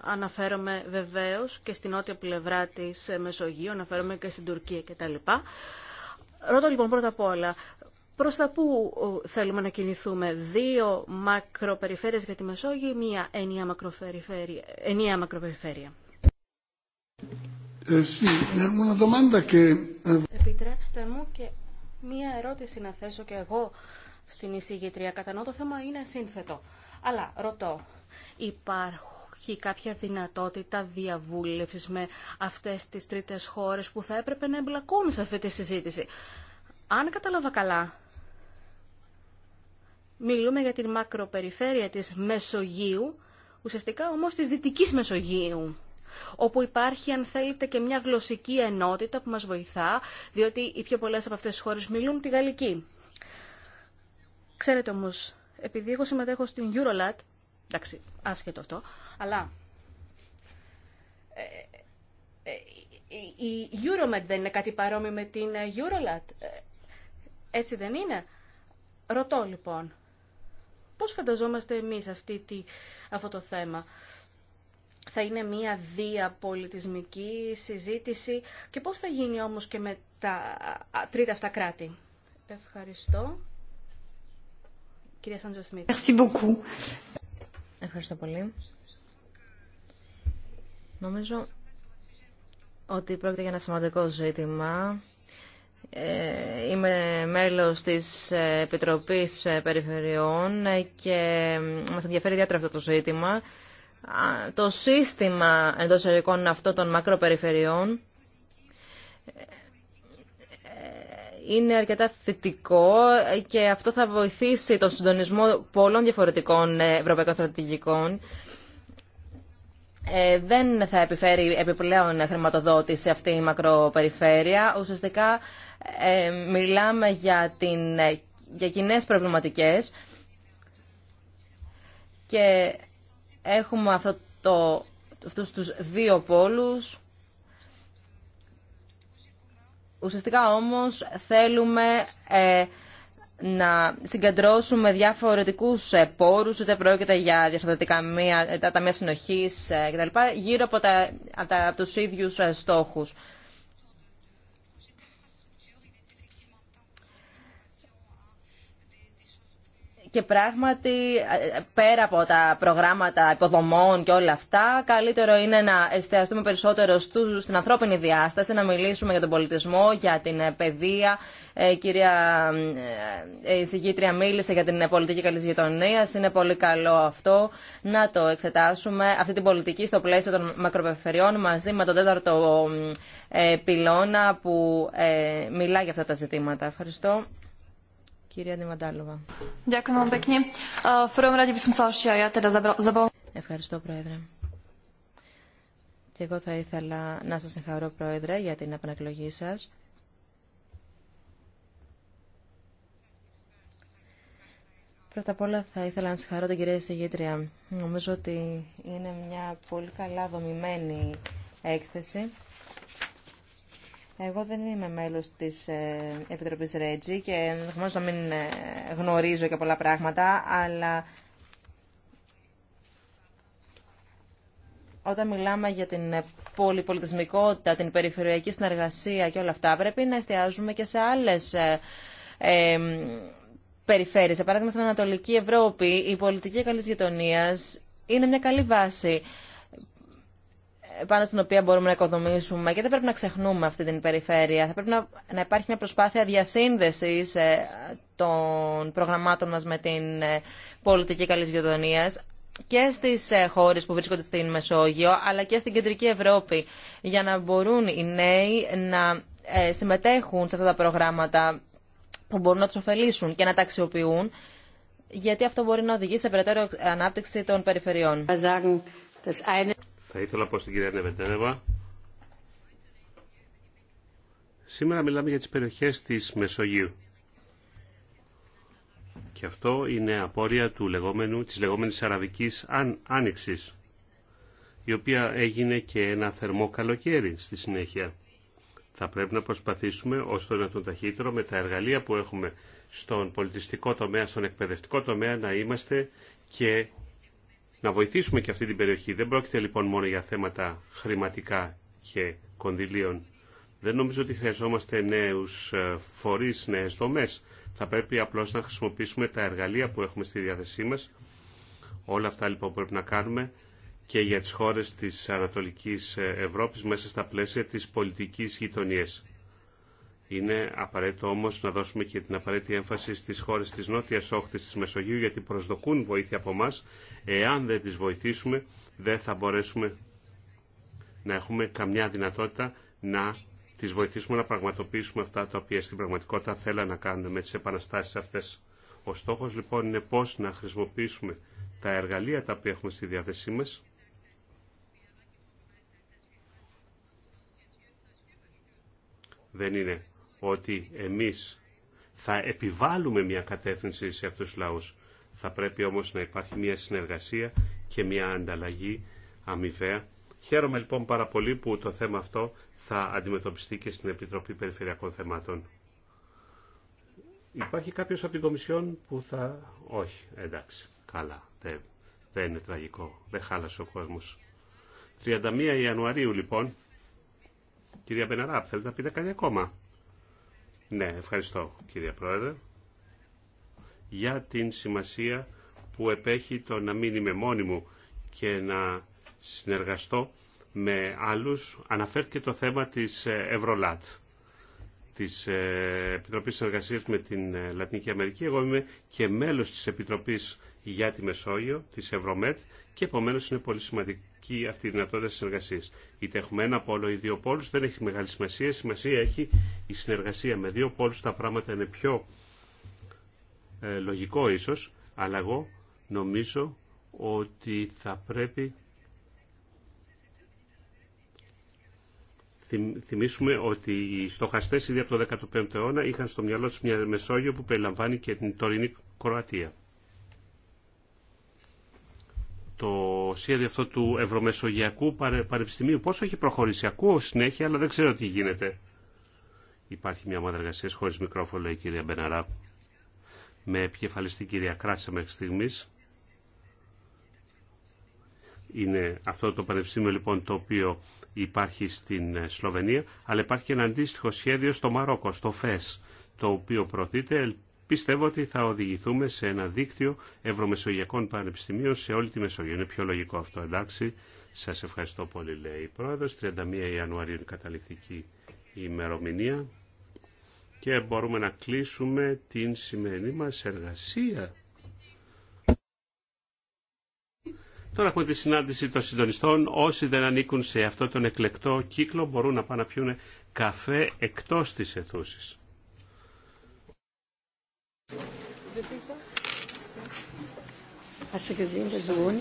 Αναφέρομαι βεβαίως και στην νότια πλευρά της ε, Μεσογείου, αναφέρομαι και στην Τουρκία κτλ. Ρώτω, λοιπόν πρώτα απ' όλα, προ τα πού θέλουμε να κινηθούμε. Δύο μακροπεριφέρειες για τη Μεσόγειο ή μία ενιαία μακροπεριφέρεια. Ενιαία μακροπεριφέρεια. Ε, ε, Επιτρέψτε μου και μία ερώτηση να θέσω και εγώ στην εισηγητρία. Κατανοώ το θέμα είναι σύνθετο. Αλλά ρωτώ, υπάρχουν υπάρχει κάποια δυνατότητα διαβούλευσης με αυτές τις τρίτες χώρες που θα έπρεπε να εμπλακούν σε αυτή τη συζήτηση. Αν κατάλαβα καλά, μιλούμε για την μακροπεριφέρεια της Μεσογείου, ουσιαστικά όμως της Δυτικής Μεσογείου όπου υπάρχει αν θέλετε και μια γλωσσική ενότητα που μας βοηθά, διότι οι πιο πολλές από αυτές τις χώρες μιλούν τη γαλλική. Ξέρετε όμως, επειδή εγώ συμμετέχω στην Eurolat, εντάξει, άσχετο αυτό, αλλά ε, ε, ε, η Euromed δεν είναι κάτι παρόμοιο με την Eurolat. Έτσι δεν είναι. Ρωτώ λοιπόν, πώς φανταζόμαστε εμείς αυτή τη, αυτό το θέμα. Θα είναι μια διαπολιτισμική συζήτηση και πώς θα γίνει όμως και με τα τρίτα αυτά κράτη. Ευχαριστώ. Κυρία Σάντζο Σμίτ. Ευχαριστώ πολύ. Νομίζω ότι πρόκειται για ένα σημαντικό ζήτημα. Ε, είμαι μέλος της Επιτροπής Περιφερειών και μας ενδιαφέρει ιδιαίτερα αυτό το ζήτημα. Το σύστημα εντός ελικών αυτών των μακροπεριφερειών είναι αρκετά θετικό και αυτό θα βοηθήσει τον συντονισμό πολλών διαφορετικών ε, ευρωπαϊκών στρατηγικών. Ε, δεν θα επιφέρει επιπλέον χρηματοδότηση αυτή η μακροπεριφέρεια. Ουσιαστικά ε, μιλάμε για, την, για κοινέ προβληματικές και έχουμε αυτό το, αυτούς τους δύο πόλους Ουσιαστικά όμως θέλουμε ε, να συγκεντρώσουμε διάφορετικούς ε, πόρους, είτε πρόκειται για διαφορετικά μία, τα ταμεία συνοχής ε, κτλ. γύρω από, τα, από, τα, από τους ίδιους στόχους. Και πράγματι, πέρα από τα προγράμματα υποδομών και όλα αυτά, καλύτερο είναι να εστιαστούμε περισσότερο στους, στην ανθρώπινη διάσταση, να μιλήσουμε για τον πολιτισμό, για την ε, παιδεία. Η ε, κυρία ε, η μίλησε για την πολιτική καλής γειτονίας. Είναι πολύ καλό αυτό να το εξετάσουμε, αυτή την πολιτική στο πλαίσιο των μακροπεφεριών μαζί με τον τέταρτο πυλώνα που μιλά για αυτά τα ζητήματα. Ευχαριστώ. Ε, Ευχαριστώ, Πρόεδρε. Και εγώ θα ήθελα να σας συγχαρώ, Πρόεδρε, για την επανακλογή σας. Πρώτα απ' όλα θα ήθελα να συγχαρώ την κυρία Συγήτρια. Νομίζω ότι είναι μια πολύ καλά δομημένη έκθεση. Εγώ δεν είμαι μέλος της ε, Επιτροπής Ρέτζη και ενδεχομένως να μην ε, γνωρίζω και πολλά πράγματα, αλλά όταν μιλάμε για την πολυπολιτισμικότητα, την περιφερειακή συνεργασία και όλα αυτά, πρέπει να εστιάζουμε και σε άλλες ε, περιφέρειες. παράδειγμα, στην Ανατολική Ευρώπη, η πολιτική καλής γειτονίας είναι μια καλή βάση πάνω στην οποία μπορούμε να οικοδομήσουμε και δεν πρέπει να ξεχνούμε αυτή την περιφέρεια. Θα πρέπει να, υπάρχει μια προσπάθεια διασύνδεσης ε, των προγραμμάτων μας με την ε, πολιτική καλής βιοτονίας και στις ε, χώρες που βρίσκονται στην Μεσόγειο αλλά και στην Κεντρική Ευρώπη για να μπορούν οι νέοι να συμμετέχουν σε αυτά τα προγράμματα που μπορούν να τους ωφελήσουν και να τα αξιοποιούν γιατί αυτό μπορεί να οδηγήσει σε περαιτέρω ανάπτυξη των περιφερειών. Θα ήθελα πω στην κυρία Νεβεντένεβα. Σήμερα μιλάμε για τις περιοχές της Μεσογείου. Και αυτό είναι απόρρια του λεγόμενου, της λεγόμενης αραβικής άνοιξης, η οποία έγινε και ένα θερμό καλοκαίρι στη συνέχεια. Θα πρέπει να προσπαθήσουμε ώστε να τον ταχύτερο με τα εργαλεία που έχουμε στον πολιτιστικό τομέα, στον εκπαιδευτικό τομέα να είμαστε και να βοηθήσουμε και αυτή την περιοχή. Δεν πρόκειται λοιπόν μόνο για θέματα χρηματικά και κονδυλίων. Δεν νομίζω ότι χρειαζόμαστε νέους ε, φορείς, νέες δομέ. Θα πρέπει απλώς να χρησιμοποιήσουμε τα εργαλεία που έχουμε στη διάθεσή μας. Όλα αυτά λοιπόν πρέπει να κάνουμε και για τις χώρες της Ανατολικής ε, Ευρώπης μέσα στα πλαίσια της πολιτικής γειτονίας. Είναι απαραίτητο όμω να δώσουμε και την απαραίτητη έμφαση στι χώρε τη νότια όχθη τη Μεσογείου, γιατί προσδοκούν βοήθεια από εμά. Εάν δεν τι βοηθήσουμε, δεν θα μπορέσουμε να έχουμε καμιά δυνατότητα να τις βοηθήσουμε να πραγματοποιήσουμε αυτά τα οποία στην πραγματικότητα θέλαν να κάνουν με τις επαναστάσεις αυτές. Ο στόχος λοιπόν είναι πώς να χρησιμοποιήσουμε τα εργαλεία τα οποία έχουμε στη διάθεσή μας δεν είναι ότι εμείς θα επιβάλλουμε μια κατεύθυνση σε αυτούς τους λαούς. Θα πρέπει όμως να υπάρχει μια συνεργασία και μια ανταλλαγή αμοιβαία. Χαίρομαι λοιπόν πάρα πολύ που το θέμα αυτό θα αντιμετωπιστεί και στην Επιτροπή Περιφερειακών Θεμάτων. Υπάρχει κάποιος από την Κομισιόν που θα... Όχι, εντάξει, καλά, δεν, είναι τραγικό, δεν χάλασε ο κόσμος. 31 Ιανουαρίου λοιπόν, κυρία Μπεναράπ, θέλετε να πείτε κάτι ακόμα. Ναι, ευχαριστώ κυρία Πρόεδρε για την σημασία που επέχει το να μην είμαι μόνη μου και να συνεργαστώ με άλλους. Αναφέρθηκε το θέμα της ε, Ευρωλάτ, της ε, Επιτροπής Συνεργασίας με την ε, Λατινική Αμερική. Εγώ είμαι και μέλος της Επιτροπής για τη Μεσόγειο, τη Ευρωμέτ και επομένω είναι πολύ σημαντική αυτή η δυνατότητα συνεργασία. Είτε έχουμε ένα πόλο ή δύο πόλου δεν έχει μεγάλη σημασία. Σημασία έχει η συνεργασία. Με δύο πόλου τα πράγματα είναι πιο ε, λογικό ίσω, αλλά εγώ νομίζω ότι θα πρέπει. Θυμίσουμε ότι οι στοχαστές ήδη από το 15ο αιώνα είχαν στο μυαλό τους μια Μεσόγειο που περιλαμβάνει και την τωρινή Κροατία το σχέδιο αυτό του Ευρωμεσογειακού Πανεπιστημίου πόσο έχει προχωρήσει. Ακούω συνέχεια, αλλά δεν ξέρω τι γίνεται. Υπάρχει μια ομάδα εργασία χωρί μικρόφωνο, λέει η κυρία Μπεναρά. Με επικεφαλιστή κυρία Κράτσα μέχρι στιγμή. Είναι αυτό το πανεπιστήμιο λοιπόν το οποίο υπάρχει στην ε, Σλοβενία, αλλά υπάρχει και ένα αντίστοιχο σχέδιο στο Μαρόκο, στο ΦΕΣ, το οποίο προωθείται πιστεύω ότι θα οδηγηθούμε σε ένα δίκτυο ευρωμεσογειακών πανεπιστημίων σε όλη τη Μεσόγειο. Είναι πιο λογικό αυτό, εντάξει. Σας ευχαριστώ πολύ, λέει η πρόεδρο. 31 Ιανουαρίου είναι καταληκτική ημερομηνία και μπορούμε να κλείσουμε την σημερινή μας εργασία. Τώρα έχουμε τη συνάντηση των συντονιστών. Όσοι δεν ανήκουν σε αυτό τον εκλεκτό κύκλο μπορούν να πάνε να πιούν καφέ εκτός της αιθούσης. Hast a gesehen,